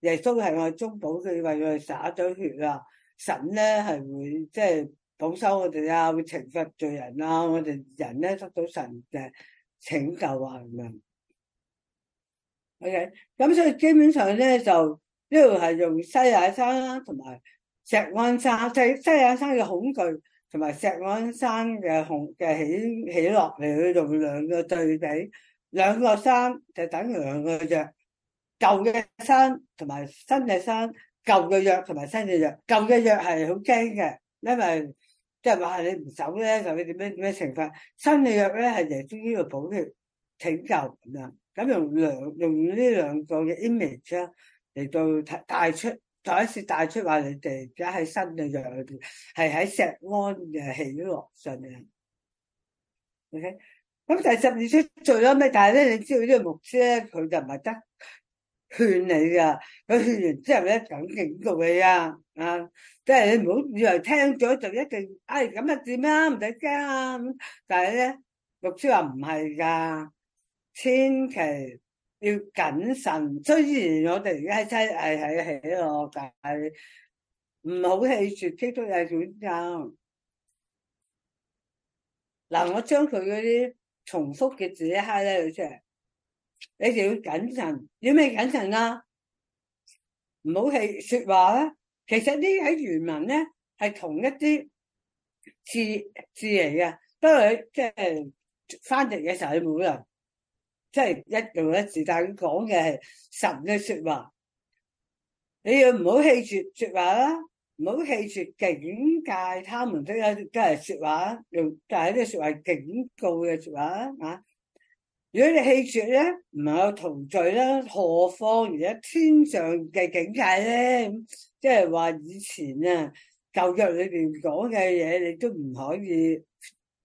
Speaker 1: 耶穌係我哋中保，佢為我哋撒咗血啊。神咧係會即係。保修→我哋啊，會懲罰罪人啊！我哋人咧得到神嘅拯救啊咁樣。ok，咁所以基本上咧就，呢度係用西雅山啦、啊，同埋石安山。西西雅山嘅恐懼，同埋石安山嘅恐嘅起起落嚟，佢用兩個對比，兩個山就等兩個藥，舊嘅山同埋新嘅山，舊嘅藥同埋新嘅藥。舊嘅藥係好驚嘅，因為即係話你唔走咧，就你點樣點樣懲罰？新約咧係嚟中醫度補嘅，拯救咁樣。咁用兩用呢兩個 image 嚟到帶出，再一次帶出話你哋而家喺新約嗰邊係喺錫安嘅喜樂上面。OK，咁第十二章做咗咩？但係咧，你知道呢個牧師咧，佢就唔係得勸你噶，佢勸完之後咧，等警告你啊。啊！即係你唔好以為聽咗就一定，哎咁就點啊？唔使驚啊！但係咧，律師話唔係噶，千祈要謹慎。雖然我哋而家真係係係喺度，唔好氣住 Facebook 又轉賬。嗱，我將佢嗰啲重複嘅字刻咧，即係你就要謹慎。要咩謹慎啊？唔好氣說話啦。其實呢喺原文咧係同一啲字字嚟嘅，不過佢即係翻譯嘅時候你，你冇人即係一用一字，但係佢講嘅係神嘅說話，你要唔好棄住說話啦，唔好棄住警戒。他們，即係都係說話，用但係呢說話警告嘅說話啊。如果你棄絕咧，唔係有同罪啦，何況而家天上嘅境界咧，即係話以前啊舊約裏邊講嘅嘢，你都唔可以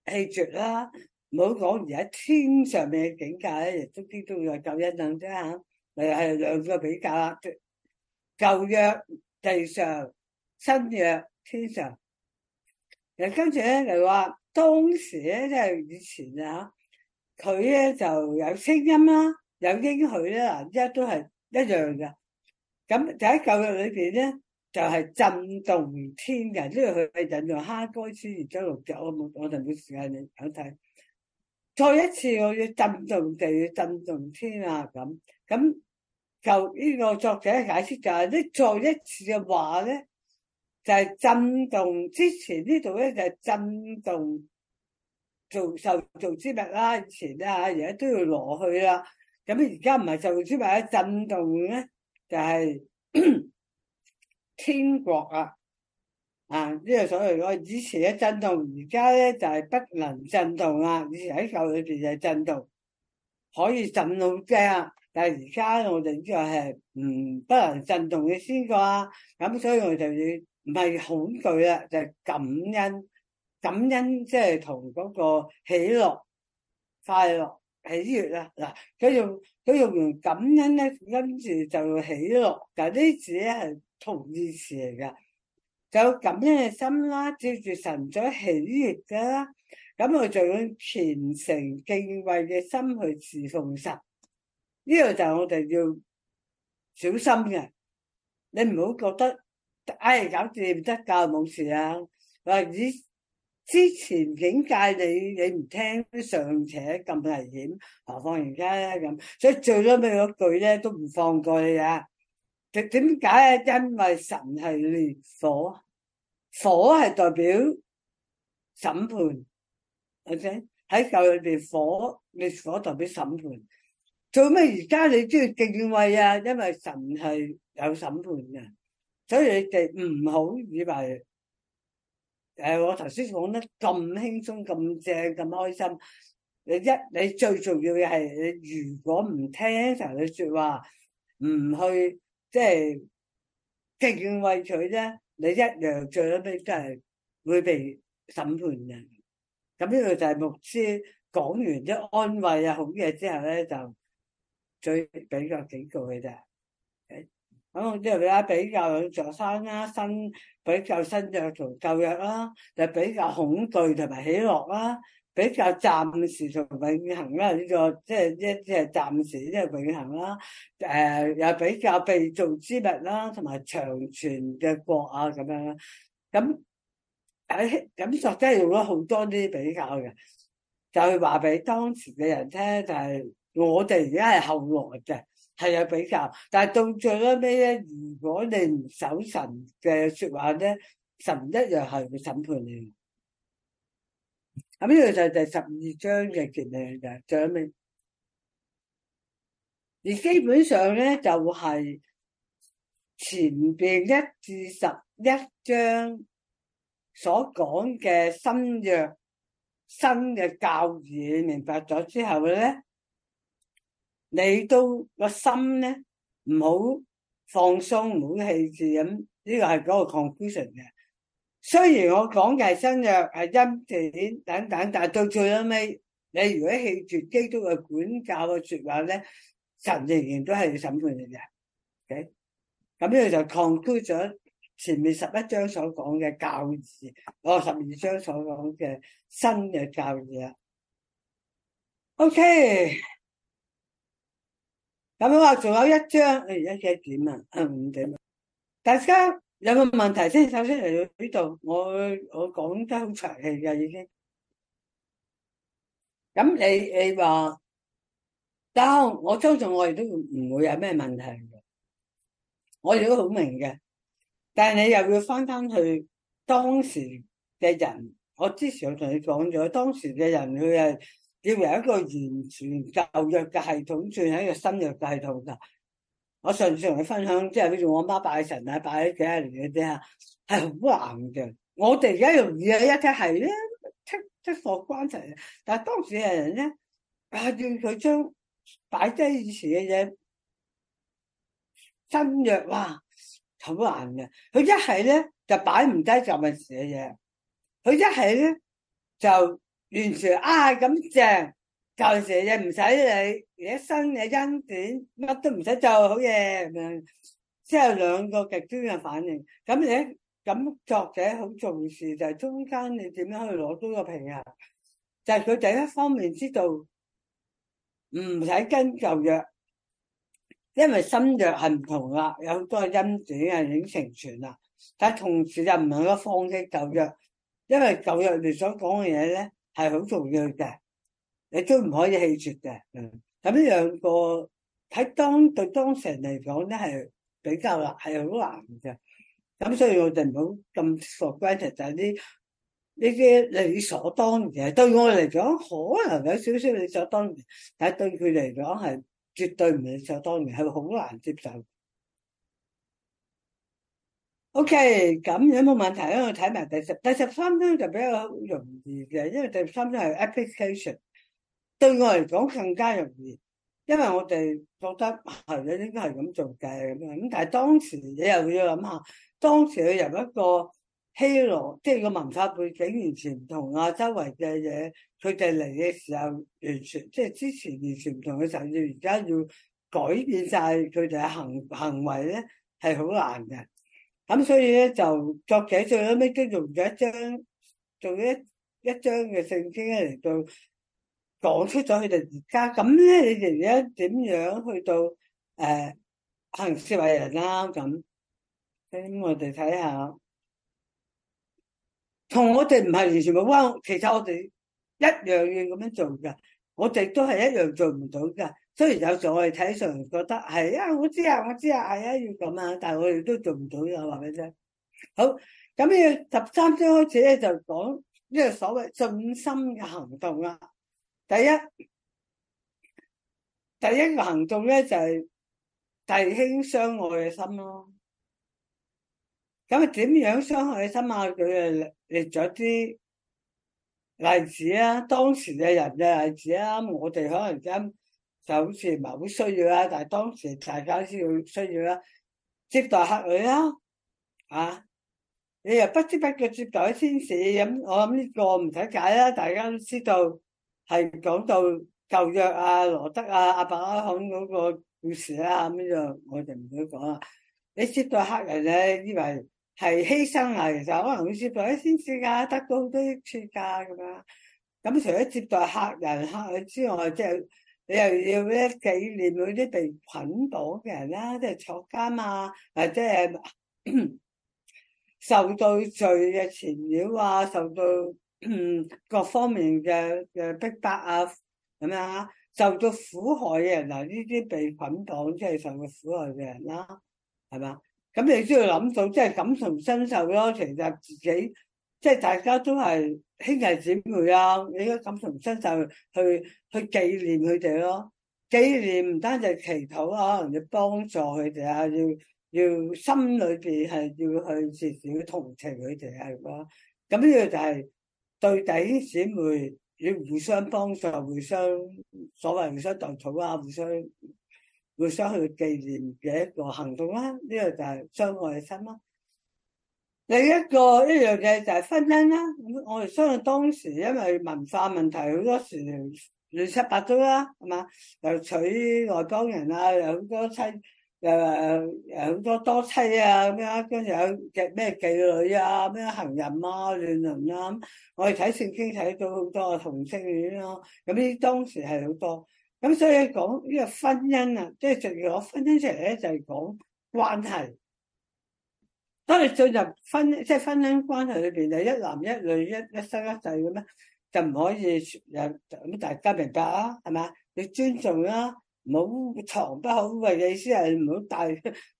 Speaker 1: 棄絕啦。唔好講而家天上嘅境界咧，亦都啲都有舊一等啫吓，你係兩個比較啊，舊約地上，新約天上。誒，跟住咧嚟話當時咧，即係以前啊。佢咧就有聲音啦，有應許啦，嗱，一都係一樣嘅。咁就喺舊約裏邊咧，就係、是、震動天嘅。即係佢係引用哈該書廿六節，我冇，我哋冇時間嚟睇。再一次我要震動就要震動天啊！咁咁就呢個作者解釋就係、是、呢，再一次嘅話咧，就係、是、震動。之前呢度咧就係震動。做受造之物啦，以前啊，而家都要攞去啦。咁而家唔係受造之物嘅震動咧，就係、是、 天國啊，啊，呢個所謂我以前嘅震動，而家咧就係、是、不能震動啦、啊。以前喺受嘅時就震動，可以震到動啫。但係而家我哋呢個係唔不能震動嘅神國。咁所以我哋唔係恐懼啦，就係、是、感恩。感恩即係同嗰個喜樂、快樂、喜悅啊！嗱，佢用佢用完感恩咧，跟住就要喜樂。但呢啲字係同義詞嚟噶，就有感恩嘅心啦，照住神咗喜悅噶，咁我就用虔誠敬畏嘅心去侍奉神。呢、這個就係我哋要小心嘅，你唔好覺得，唉、哎，搞掂唔得噶，冇事啊，或者。之前警戒你，你唔聽尚且咁危險，何況而家咧咁，所以最尾嗰句咧都唔放過你啊！佢點解啊？因為神係烈火，火係代表審判，或者喺舊約裏面，火，烈火代表審判。做咩而家你都要敬畏啊？因為神係有審判嘅，所以你哋唔好以為。誒，我頭先講得咁輕鬆、咁正、咁開心。你一你最重要嘅係，你如果唔聽神嘅說話，唔去即係敬畏佢啫，你一樣最終真係會被審判嘅。咁呢個就係牧師講完啲安慰啊好嘢之後咧，就最比較警告嘅啫。咁即係啦，比較座山啦，新比較新約同舊約啦，就比較恐懼同埋喜樂啦，比較暫時同永恆啦，呢、這個即係一即係暫時，即係永恆啦。誒、呃，又比較被造之物啦，同埋長存嘅國啊，咁樣啦。咁喺咁作者用咗好多啲比較嘅，就去話俾當時嘅人聽，就係、是、我哋而家係後來嘅。係有比較，但係到最屘咧，如果你唔守神嘅說話咧，神一樣係會審判你。咁呢度就係第十二章嘅結尾就係最屘，而基本上咧就係前邊一至十一章所講嘅新約新嘅教義，明白咗之後咧。你都個心呢，唔好放鬆，唔好氣住咁。呢個係嗰個 conclusion 嘅。雖然我講就係新約係恩典等等，但係到最後尾，你如果棄絕基督嘅管教嘅說話咧，神仍然都係審判你嘅。O K，咁呢個就 conclusion 咗前面十一章所講嘅教義，我十二章所講嘅新嘅教義啦。O K。咁我話仲有一張，誒、哎，而家幾多點啊？啊，五點。大家有冇問題先？首先嚟到呢度，我我講得好長氣嘅已經。咁你你話，但我都我相信我哋都唔會有咩問題嘅，我哋都好明嘅。但係你又要翻翻去當時嘅人，我之前我同你講咗，當時嘅人佢係。要由一個完全舊約嘅系統轉一個新約嘅系統噶。我上次同你分享，即係你做我媽拜神啊，拜幾啊年嗰啲啊，係好難嘅。我哋而家用而家一睇係咧，即即放關齊。但係當時嘅人咧，啊要佢將擺低以前嘅嘢，新約哇好難嘅。佢一係咧就擺唔低舊嘅嘢嘢，佢一係咧就。完全啊咁正，舊時嘢唔使理你一生嘅恩典乜都唔使做好嘢，即係兩個極端嘅反應。咁你咁作者好重視就係中間你點樣去攞到個平衡？就係佢第一方面知道唔使跟舊約，因為新約係唔同啦，有好多恩典係已經成全啦。但係同時又唔能夠放棄舊約，因為舊約你所講嘅嘢咧。係好重要嘅，你都唔可以棄絕嘅。嗯，咁呢兩個喺當對當時嚟講咧，係比較係好難嘅。咁所以我哋唔好咁傻關題，就係啲呢啲理所當然嘅。對我嚟講，可能有少少理所當然，但係對佢嚟講係絕對唔理所當然，係好難接受。O K，咁有冇問題啦？我睇埋第十、第十三章就比較容易嘅，因為第十三章係 application，對我嚟講更加容易，因為我哋覺得係咧、啊、應該係咁做嘅。咁樣。咁但係當時你又要諗下，當時佢由一個希羅，即係個文化背景完全唔同呀周圍嘅嘢，佢哋嚟嘅時候完全即係、就是、之前完全唔同嘅時候，要而家要改變晒佢哋嘅行行為咧，係好難嘅。咁所以咧，就作者最屘都用咗一章，做咗一一章嘅聖經嚟到講出咗佢哋而家咁咧，你哋而家點樣去到誒行事為人啦？咁咁我哋睇下，同我哋唔係完全冇關，其實我哋一樣要咁樣做㗎，我哋都係一樣做唔到㗎。雖然有時我哋睇上嚟覺得係啊，我知啊，我知啊，係啊，要咁啊，但係我哋都做唔到啊！話俾你聽，好咁呢十三章開始咧，就講呢個所謂信心嘅行動啊。第一，第一個行動咧就係、是、弟兄相愛嘅心咯。咁點樣相愛嘅心啊？佢啊列咗啲例子啊，當時嘅人嘅例子啊，我哋可能今。就好似唔係好需要啦，但係當時大家需要需要啦，接待客女啦，啊，你又不知不覺接待天使咁，我諗呢個唔使解啦，大家都知道係講到舊約啊、羅德啊、阿伯拉罕嗰個故事啦、啊，咁樣我就唔會講啦。你接待客人咧，以為係犧牲啊，其實可能你接待天使啊，得到好多益處噶咁樣。咁除咗接待客人客女之外，即係。你又要咧紀念嗰啲被捆綁嘅人啦，即係坐監啊，或者係受到罪嘅纏繞啊，受到咳咳各方面嘅嘅逼迫啊，咁樣啊，受到苦害嘅人嗱、啊，呢啲被捆綁即係受到苦害嘅人啦、啊，係嘛？咁你都要諗到，即、就、係、是、感同身受咯，其實自己。即係大家都係兄弟姊妹啊，你應該感同身受去去紀念佢哋咯。紀念唔單止係祈禱啊，可能要幫助佢哋啊，要啊要，要心裏邊係要去少少同情佢哋係咯。咁呢個就係對弟兄姊妹要互相幫助、互相所謂互相代禱啊，互相互相去紀念嘅一個行動啦，啊。呢個就係相愛心啦，啊。另一個一樣嘅就係婚姻啦，咁我哋相信當時因為文化問題，好多時亂七八糟啦，係嘛？又娶外邦人啊，又好多妻，又又好多多妻啊，咩跟住有嘅咩妓女啊，咩行淫啊，亂倫啦。我哋睇聖經睇到好多同性戀咯，咁呢啲當時係好多。咁所以講呢個婚姻啊，即係仲要攞婚姻出嚟咧，就係講關係。當你進入婚即係婚姻關係裏邊，就一男一女一一生一世嘅咩，就唔可以誒咁，大家明白啊？係嘛，你尊重啦，唔好床不好嘅意思係唔好帶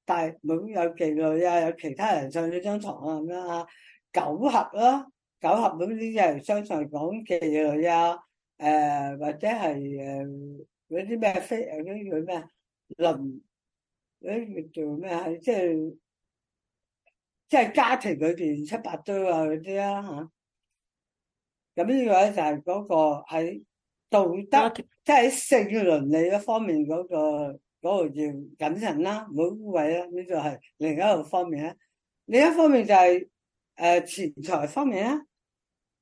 Speaker 1: 帶冇有妓女啊，有其他人上你張床啊咁啊，九合咯，九合咁啲就相信講妓女、呃呃、啊，誒或者係誒嗰啲咩非誒叫咩林叫做咩即係。啊即係家庭裏邊七八堆啊嗰啲啦吓，咁呢個咧就係嗰個喺道德，即係喺性倫理嗰方面嗰、嗰個嗰、嗰個叫謹慎啦，唔好污穢啦、啊，呢個就係另一個方面咧、啊。另一方面就係、是、誒、呃、錢財方面咧、啊，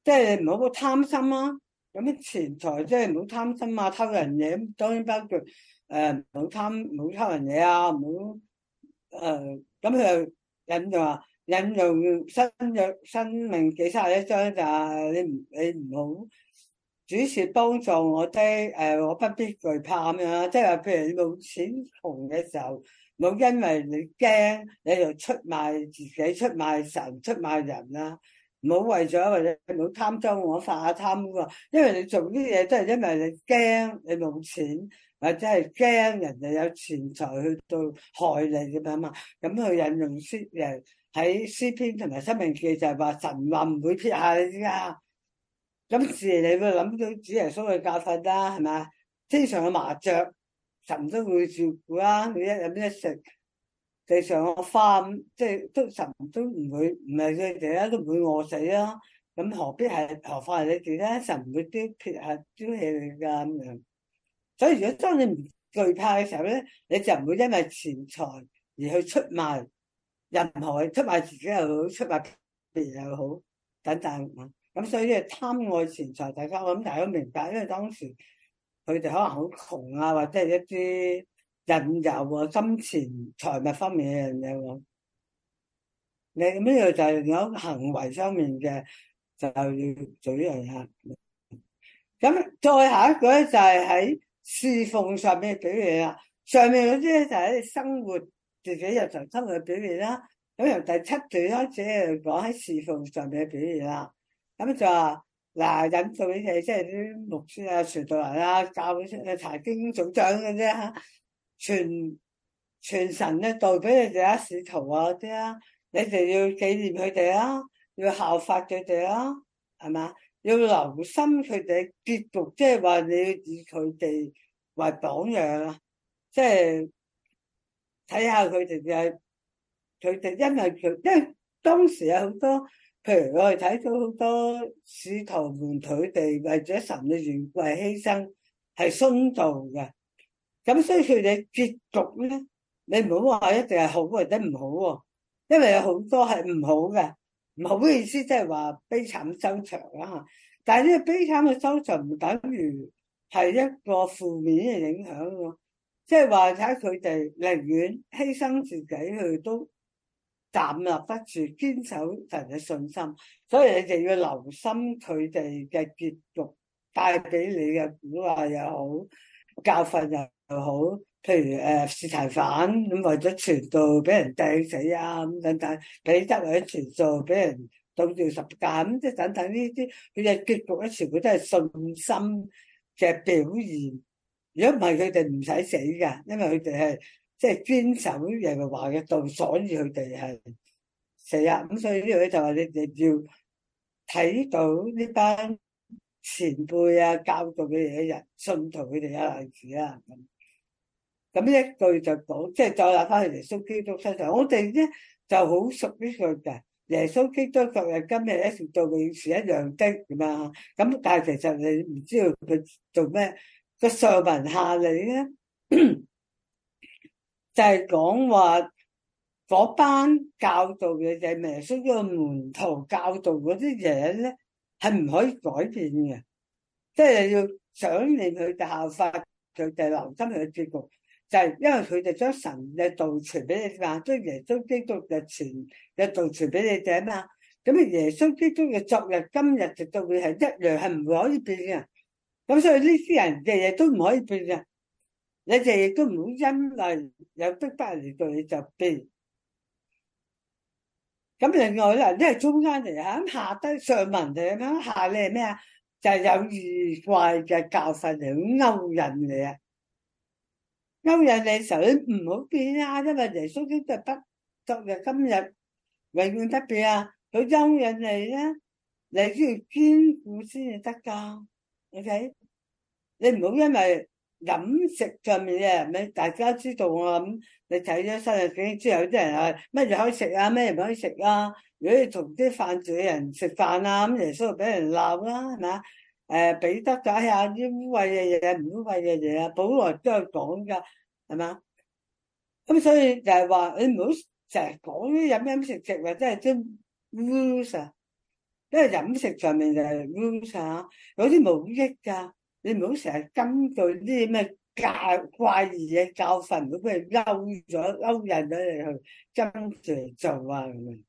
Speaker 1: 即係唔好貪心啦、啊。咁錢財即係唔好貪心啊，偷人嘢當然包括誒唔好貪唔好偷人嘢啊，唔好誒咁佢就引就話、啊。引用新約申命記卅一章就係，你唔你唔好，主是幫助我的、誒，我不必懼怕咁樣。即係話譬如你冇錢窮嘅時候，唔好因為你驚你就出賣自己、出賣神、出賣人啦。唔好為咗或者唔好貪贓，貪我發下貪啩。因為你做啲嘢都係因為你驚你冇錢，或者係驚人哋有錢財去到害你咁樣嘛。咁去引用新約。喺《詩篇》同埋《申命記》，就係話神話唔會撇下你啲啊。今時你會諗到主耶穌嘅教訓啦，係嘛？天上嘅麻雀，神都會照顧啦、啊。你一飲一食，地上嘅花咁，即係都神都唔會唔係佢哋咧，都唔會餓死啦、啊。咁何必係何況係你哋咧？神唔會啲撇下啲嘢嚟㗎咁樣。所以如果當你唔懼怕嘅時候咧，你就唔會因為錢財而去出賣。任何出賣自己又好，出賣別人又好，等等咁，所以咧貪愛錢財，大家我諗大家都明白。因為當時佢哋可能好窮啊，或者係一啲引誘啊金錢財物方面嘅嘢喎。你呢個就係有行為上面嘅，就要嘴人吓。咁再下一個咧就係喺侍奉上面俾你啦。上面嗰啲咧就喺生活。自己又在心裏表現啦、啊，咁由第七段開始嚟講喺侍奉上面嘅表現啦、啊。咁就話嗱、啊，引導你哋，即係啲牧師啊、傳道人啊、教書嘅查經組長嘅啫、啊，全全神咧代表你哋一使徒啊啲啊，你哋要紀念佢哋啊，要效法佢哋啊，係嘛？要留心佢哋嘅結局，即係話你要以佢哋為榜樣，即係。睇下佢哋就係佢哋，看看因為佢因為當時有好多，譬如我哋睇到好多使徒門，佢哋為咗神嘅緣故而犧牲鬆，係殉道嘅。咁所以佢哋結局咧，你唔好話一定係好或者唔好喎，因為有多好多係唔好嘅。唔好嘅意思即係話悲慘收場啦嚇。但係呢悲慘嘅收場唔等於係一個負面嘅影響咯。即係話，睇佢哋寧願犧牲自己去都站立得住，堅守神嘅信心。所以你就要留心佢哋嘅結局帶俾你嘅講話又好，教訓又好。譬如誒，司提反咁為咗傳道俾人掟死啊，咁等等，彼得為咗傳道俾人倒釘十架咁即係等等，呢啲佢嘅結局咧，全部都係信心嘅表現。如果唔係佢哋唔使死噶，因為佢哋係即係遵守耶穌話嘅道，所以佢哋係死啊。咁所以呢，就話你哋要睇到呢班前輩啊，教導佢哋嘅人，信徒佢哋嘅例子啊。咁、嗯，咁一句就講，即係再拉翻去耶穌基督身上，我哋咧就好熟呢個嘅。耶穌基督昨日、今日一一、一直、做件事一樣的，咁樣。咁但係其實你唔知道佢做咩。個上文下理咧， 就係講話嗰班教導嘅就係，耶穌嘅門徒教導嗰啲嘢咧，係唔可以改變嘅。即係要想令佢效法就就留心佢嘅結局，就係因為佢哋將神嘅道傳俾你嘛，即係耶穌基督嘅傳嘅道傳俾你哋啊嘛。咁啊，耶穌基督嘅昨日、今日，直到會係一樣，係唔可以變嘅。咁所以呢啲人日日都唔可以變啊！你日日都唔好因為有逼迫嚟到你就變。咁另外啦，即係中間嚟啊，下低上文就咁樣下你係咩啊？就係、有異怪嘅教訓嚟，勾引你啊！勾引你，時候，唔好變啊！因為耶穌基督不昨日今日永遠得變啊！佢勾引你咧，你要堅固先至得㗎。Okay? 你睇，你唔好因為飲食上面嘅，咁大家知道啊咁。你睇咗《新約聖經》，之後有啲人話乜嘢可以食啊，咩唔可以食啊。如果你同啲犯罪人食飯啊，咁耶穌俾人鬧啦，係咪啊？誒，彼得就解下啲污穢嘅嘢，唔好污穢嘅嘢啊。本來都有講噶，係嘛？咁所以就係話，你唔好成日講啲飲飲食食，或者真唔好食。因為飲食上面就係咁上下，有啲冇益噶，你唔好成日根據啲咩怪怪異嘅教訓，咁佢勾咗勾引咗你去跟住做啊咁樣。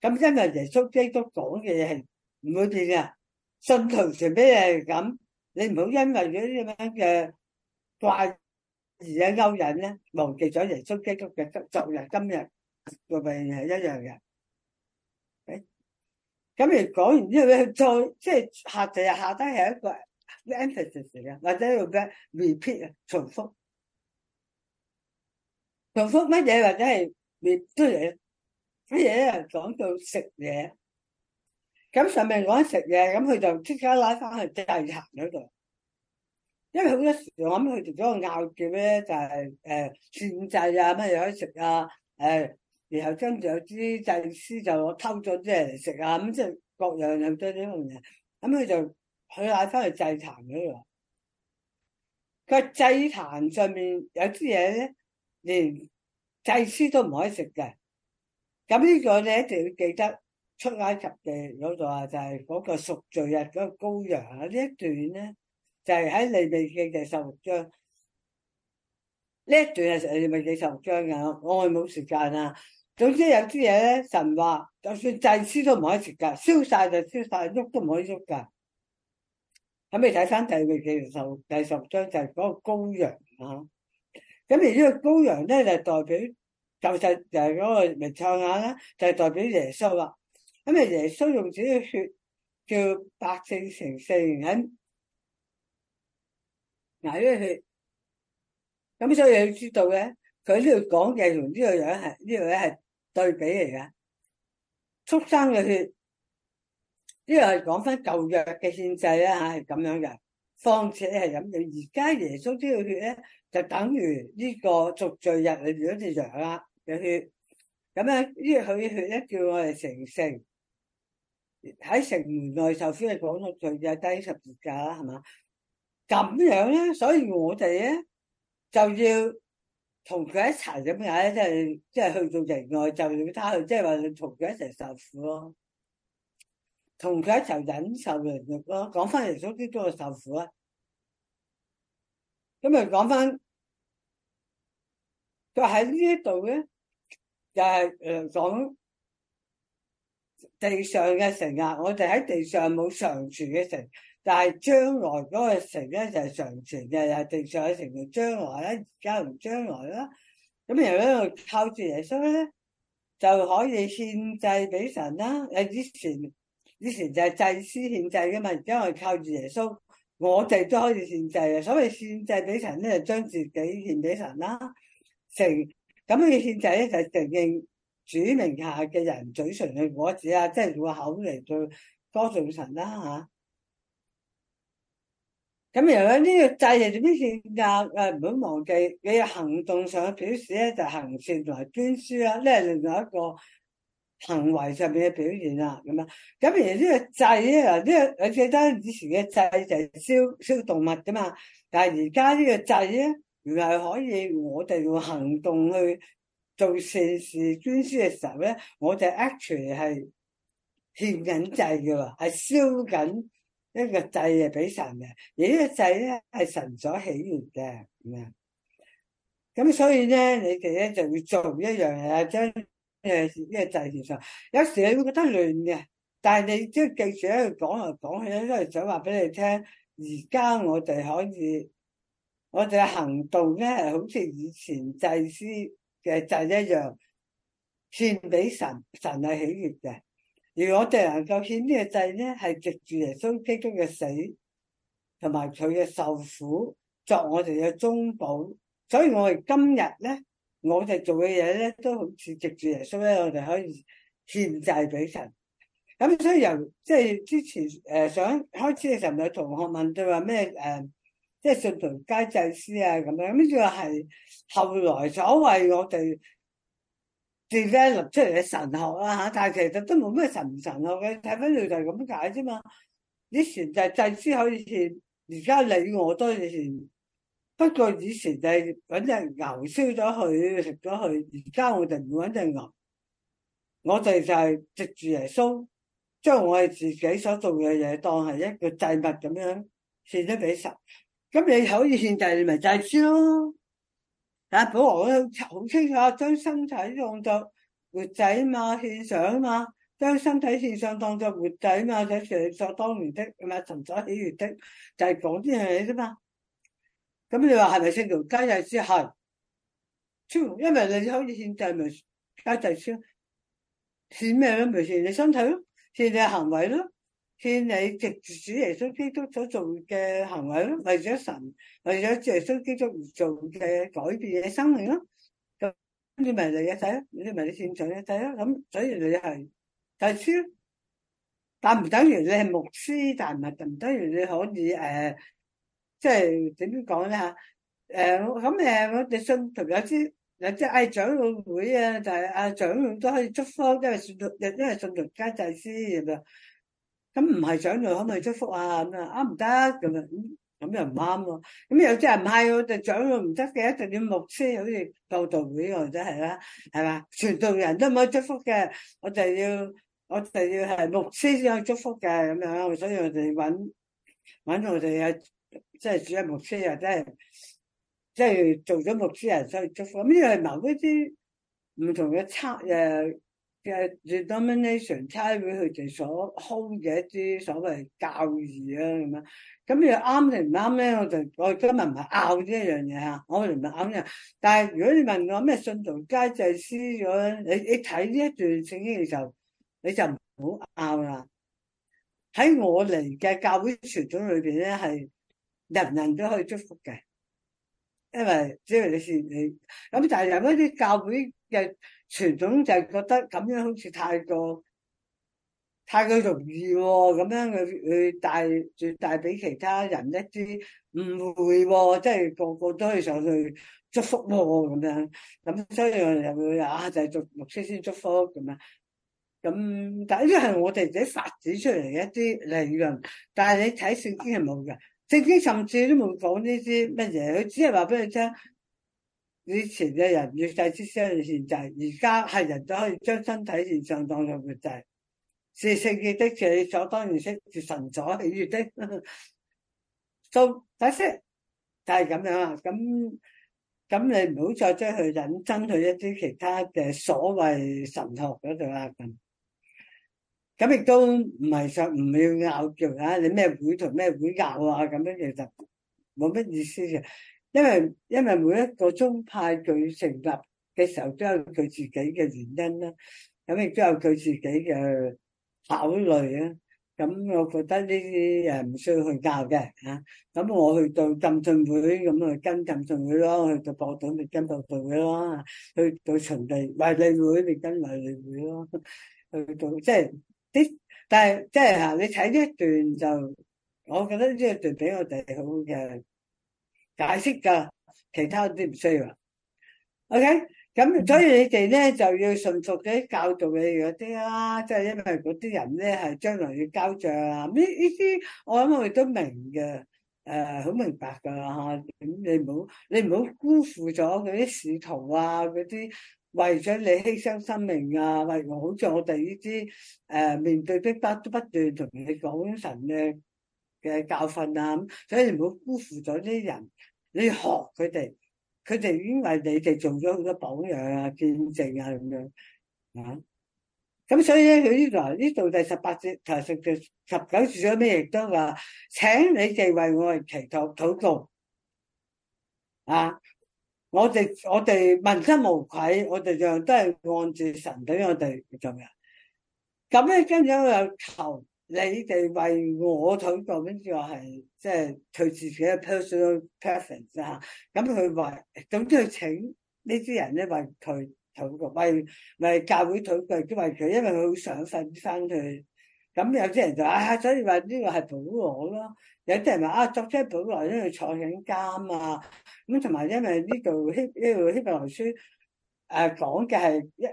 Speaker 1: 咁因為耶穌基督講嘅嘢係，我哋啊信徒傳俾你係咁，你唔好因為咗啲咁樣嘅怪異嘅勾引咧，忘記咗耶穌基督嘅昨日、今日、未來係一樣嘅。咁而講完之後咧，再即係下就下低係一個 emphasis 啊，或者叫咩 repeat 啊，重複。重複乜嘢或者係 repeat 乜嘢？乜嘢啊，講到食嘢，咁上面講食嘢，咁佢就即刻拉翻去製茶嗰度，因為好多時我諗佢哋嗰個拗叫咧就係誒善製啊，乜嘢可以食啊，誒、呃。然後跟住有啲祭司就攞偷咗啲嚟食啊，咁即係各樣有咗啲咁嘢。咁佢就佢帶翻去祭壇嗰度。個祭壇上面有啲嘢咧，連祭司都唔可以食嘅。咁呢個你一定要記得出埃及記。有句話就係、是、嗰個贖罪日嗰、那個羔羊啊呢一段咧，就係、是、喺利未記第十六章呢一段係利未記十六章噶，我哋冇時間啊。總之有啲嘢，咧神話，就算祭司都唔可以食噶，燒晒就燒晒，喐都唔可以喐噶。咁你睇翻第幾受第十章就係嗰個羔羊啊。咁而呢個羔羊咧就代表就係就係嗰個明唱眼啦，就係、是、代表耶穌啊。咁啊耶穌用自己嘅血叫百姓成聖人挨咗血。咁所以你要知道咧，佢呢度講嘅同呢個樣係呢個樣係。這個對比嚟嘅，畜生嘅血，呢個係講返舊約嘅獻祭啦吓，係咁樣嘅。況且係咁樣，而家耶穌呢個血咧，就等於呢個贖罪日裏邊嗰隻羊啊嘅血。咁樣呢個血咧，叫我哋成聖，喺城門內首先係講到罪在第十日㗎啦，係嘛？咁樣咧，所以我哋咧就要。同佢一齊咁樣，即係即係去到營外就咁、就是、他去，即係話同佢一齊受苦咯，同佢一齊忍受凌辱咯。講翻耶穌基督受苦啊，咁啊講翻，就喺呢一度咧，就係誒講地上嘅城啊，我哋喺地上冇常住嘅城。但係將來嗰個城咧就係常存，嘅，又定常嘅城同將來啦。而家同將來啦。咁如果靠住耶穌咧，就可以獻祭俾神啦。以前以前就係祭司獻祭嘅嘛，而家靠住耶穌，我哋都可以獻祭啊。所謂獻祭俾神咧，就將自己獻俾神啦。成咁嘅獻祭咧，就承、是、認主名下嘅人嘴唇嘅果子啊，即係用口嚟做歌頌神啦嚇。咁而家呢個祭嚟自邊線啊？誒唔好忘記，你行動上嘅表示咧就是、行善同埋捐輸啦，呢係另外一個行為上面嘅表現啦。咁樣，咁而家呢個祭呢啲，你記得以前嘅祭就係燒燒動物噶嘛，但係而家呢個祭咧，原來可以我哋用行動去做善事捐輸嘅時候咧，我哋 actually 係獻緊祭嘅喎，係燒緊。一個祭係俾神嘅，而呢個祭咧係神所喜悅嘅。咁啊，咁所以咧，你哋咧就要做一樣嘢，將誒呢個祭獻上。有時你會覺得亂嘅，但係你即係即使喺度講嚟講去咧，都係想話俾你聽，而家我哋可以，我哋嘅行動咧，好似以前祭司嘅祭一樣，獻俾神，神係喜悅嘅。而我哋能夠獻呢個祭咧，係藉住耶穌基督嘅死，同埋佢嘅受苦作我哋嘅中保。所以我哋今日咧，我哋做嘅嘢咧，都好似藉住耶穌咧，我哋可以獻祭俾神。咁所以由即係、就是、之前誒，想、呃、開始嘅時候咪有同學問佢話咩誒，即係信徒皆祭司啊咁樣，咁仲係後來所謂我哋。自己立出嚟嘅神學啦吓、啊，但係其實都冇咩神唔神學嘅，睇翻嚟就係咁解啫嘛。以前就祭祭司可以獻，而家你我都，以前不過，以前就係搵隻牛燒咗佢食咗佢，而家我哋唔搵隻牛。我哋就係藉住耶穌，將我哋自己所做嘅嘢當係一個祭物咁樣獻咗俾神。咁你可以獻祭，你咪祭司咯。本保羅咧好清楚，將身體當作活仔嘛，獻上嘛，將身體獻上當作活仔嘛，喺成想當年的，係嘛尋找喜悅的，就係講啲嘢啫嘛。咁你話係咪善道就嘅事係？因為你好似獻祭咪家陣獻獻咩都咯？算，你身體咯，獻你行為咯。勸你藉住主耶穌基督所做嘅行為咯，為咗神，為咗主耶穌基督而做嘅改變嘅生命咯。咁跟住咪嚟嘢仔咯，你咪你算做嘢仔咯。咁所以你係祭司，但唔等於你係牧師，但係唔等於你可以誒，即係點講咧吓？誒，咁誒，我哋信徒有啲有啲誒長老會啊，但係阿長老都可以祝福，因為信徒，因為信徒皆祭司，係咪？咁唔係長老可唔可以祝福啊？咁啊，啱唔得咁啊，咁又唔啱喎。咁有啲人唔係喎，我哋長老唔得嘅，一定要牧師，好似教道會嗰啲係啦，係嘛、啊？傳道人都冇祝福嘅，我就要，我就要係牧師先可以祝福嘅咁樣、啊。所以我哋揾揾我哋啊，即係主任牧師啊，即係即係做咗牧師人先去祝福。咁呢係某啲唔同嘅策略。Denomination，差會佢哋所 hold 嘅一啲所謂教義啊，咁樣咁又啱定唔啱咧？我就我今日唔係拗呢一樣嘢啊，我唔係拗嘅。但係如果你問我咩信徒皆祭司咗咧，你你睇呢一段聖經嘅時候，你就唔好拗啦。喺我嚟嘅教會傳統裏邊咧，係人人都可以祝福嘅，因為因為、即係、你先你咁，但係有嗰啲教會嘅。傳統就係覺得咁樣好似太過太過容易咁、哦、樣，佢佢帶住帶俾其他人一啲誤會、哦，即係個個都要想去祝福喎、哦、咁樣，咁所以又又啊就係、是、做牧師先祝福咁啊，咁但呢啲係我哋自己發展出嚟一啲理論，但係你睇聖經係冇嘅，聖經甚至都冇講呢啲乜嘢，佢只係話俾你聽。以前嘅人要越濟啲錢就係，而家係人都可以將身體獻上當做活祭，四聖器的理所當然識神所要的。做、 so,，睇先，就係咁樣啊。咁咁你唔好再將去引針去一啲其他嘅所謂神學嗰度啦。咁，咁亦都唔係想唔要拗交啊？你咩會同咩會拗啊？咁樣其實冇乜意思嘅。因為因為每一個宗派佢成立嘅時候都有佢自己嘅原因啦、啊，咁亦都有佢自己嘅考慮啊。咁我覺得呢啲誒唔需要去教嘅嚇。咁、啊、我去到浸信會咁去跟浸信會咯，去到播道咪跟播道會咯，去到循道，衛理會咪跟衛理會咯。去到即係啲，但係即係嚇，你睇呢一段就，我覺得呢一段比我哋好嘅。解釋噶，其他啲唔需要。OK，咁所以你哋咧就要順服啲教導你嗰啲啦，即係因為嗰啲人咧係將來要交賬啊。呢呢啲我諗佢我都明嘅，誒、呃，好明白噶啦吓。咁你唔好，你唔好辜負咗嗰啲使徒啊，嗰啲為咗你犧牲生命啊，為我。好似我哋呢啲誒，面對逼迫都不斷同你講神咧。嘅教訓啊，所以唔好辜負咗啲人。你學佢哋，佢哋已經為你哋做咗好多榜樣啊、見證啊咁樣啊。咁所以咧，佢呢度呢度第十八節同十第十九節咗咩亦都話，請你哋為我哋祈禱禱告啊。我哋我哋問心無愧，我哋就都係按住神畀，我哋做嘅。咁咧，跟住有求。你哋為我禱告，跟住話係即係佢自己嘅 personal preference 咁佢為，總之要請呢啲人咧為佢禱告，為為教會禱告，即為佢，因為佢好想信神佢。咁有啲人就啊，所以話呢個係保羅咯。有啲人話啊，作者保羅因為坐緊監啊，咁同埋因為呢度希呢度、這個、希伯來書誒講嘅係一，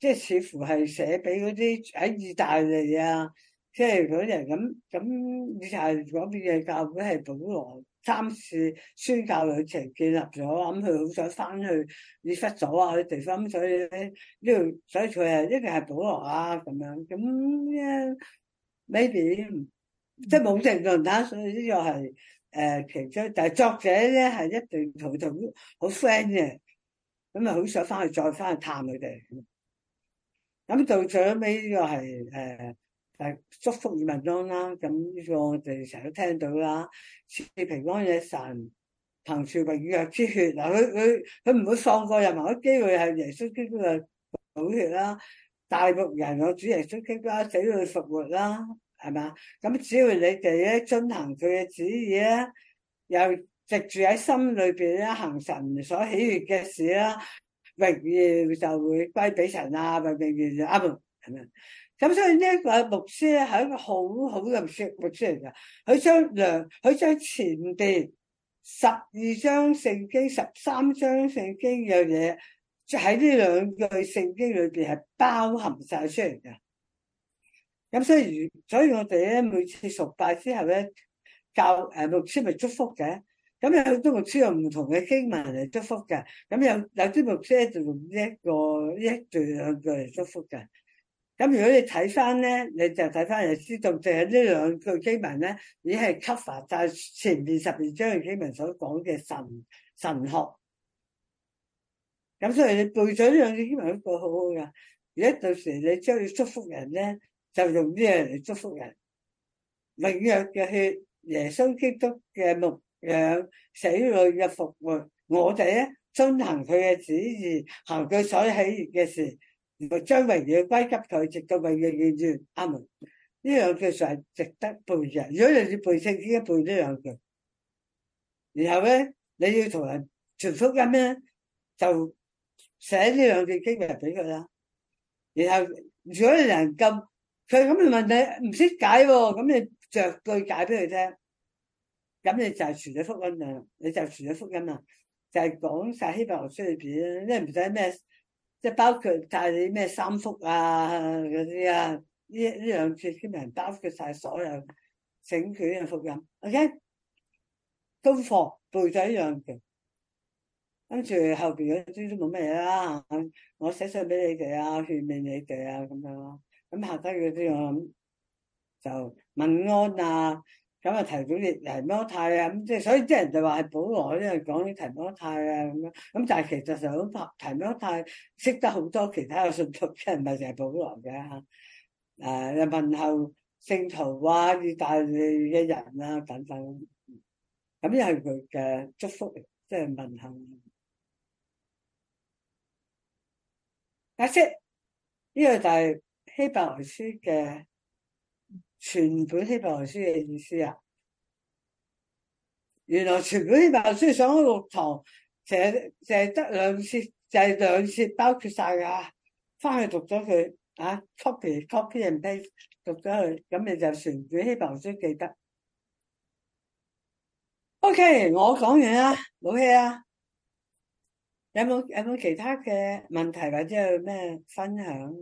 Speaker 1: 即係、就是、似乎係寫俾嗰啲喺意大利啊。即係佢哋人咁咁你就係嗰邊嘅教會係保羅三次宣教旅程建立咗，咁佢好想翻去，你失咗啊啲地方，所以呢、這、度、個，所以佢係一定係保羅啊咁樣。咁啊，maybe 即係冇定論啦。所以呢個係誒、呃、其中，但係作者咧係一定同佢好 friend 嘅，咁啊好想翻去再翻去探佢哋。咁到最尾呢個係誒。呃就祝福與文章啦，咁呢個我哋成日都聽到啦。四平安嘅神憑著永約之血，嗱佢佢佢唔會放過任何、那個、機會係耶穌基督嘅寶血啦。大部人我主耶穌基督啦，死裏復活啦，係嘛？咁只要你哋咧遵行佢嘅旨意咧，又藉住喺心裏邊咧，行神所喜悅嘅事啦，榮耀就會歸俾神啊！榮耀啊唔係咁所以咧，個牧師咧係一個好好嘅牧師嚟噶。佢將兩，佢將前邊十二章聖經、十三章聖經嘅嘢，就喺呢兩句聖經裏邊係包含晒出嚟噶。咁所以，所以我哋咧每次崇拜之後咧，教誒牧師咪祝福嘅。咁有啲牧師用唔同嘅經文嚟祝福嘅。咁有有啲牧師咧就用、呢個、一個一句兩句嚟祝福嘅。咁如果你睇翻咧，你就睇翻，知道就係呢兩句經文咧，已經係 cover 晒前面十二章嘅經文所講嘅神神學。咁所以你背咗呢兩句經文一個好好噶。而家到時你將要祝福人咧，就用呢樣嚟祝福人。永約嘅血，耶穌基督嘅牧養，死裏嘅復活，我哋咧遵行佢嘅旨意，行佢所喜悅嘅事。如果將榮耀歸給佢，直到永遠永遠，阿門，呢兩句就係值得背嘅。如果你要背聖經，背呢兩句。然後咧，你要同人傳福音咧，就寫呢兩句經文俾佢啦。然後，如果人咁，佢咁嘅問題唔識解喎，咁你著句解俾佢聽，咁你就傳咗福音啦。你就傳咗福音啦。就係講晒希伯來書裏邊，你唔使咩？即係包括曬你咩三福啊嗰啲啊，呢呢兩次啲人包括晒所有整卷福音，ok，都放背曬一樣嘅，跟住後邊嗰啲都冇咩嘢啦，我寫信俾你哋啊，勸勉你哋啊咁樣啊，咁下低嗰啲我諗就問安啊。咁啊，提摩太啊，咁即係，所以即係人就話係保羅，因為講啲提摩太啊咁樣。咁但係其實上提提摩太識得好多其他嘅信徒，啲人唔係淨係保羅嘅吓。誒，問候聖徒啊，意大利嘅人啊等等，咁又係佢嘅祝福嚟，即係問候。阿叔，呢個就係希伯來書嘅。全本希伯來書嘅意思啊，原來全本希伯來書上去六堂，淨淨係得兩次，就係兩次包括晒噶，翻去讀咗佢啊，copy copy and paste，讀咗佢，咁你就全本希伯來書記得。OK，我講完啦，老氣啊，有冇有冇其他嘅問題或者咩分享？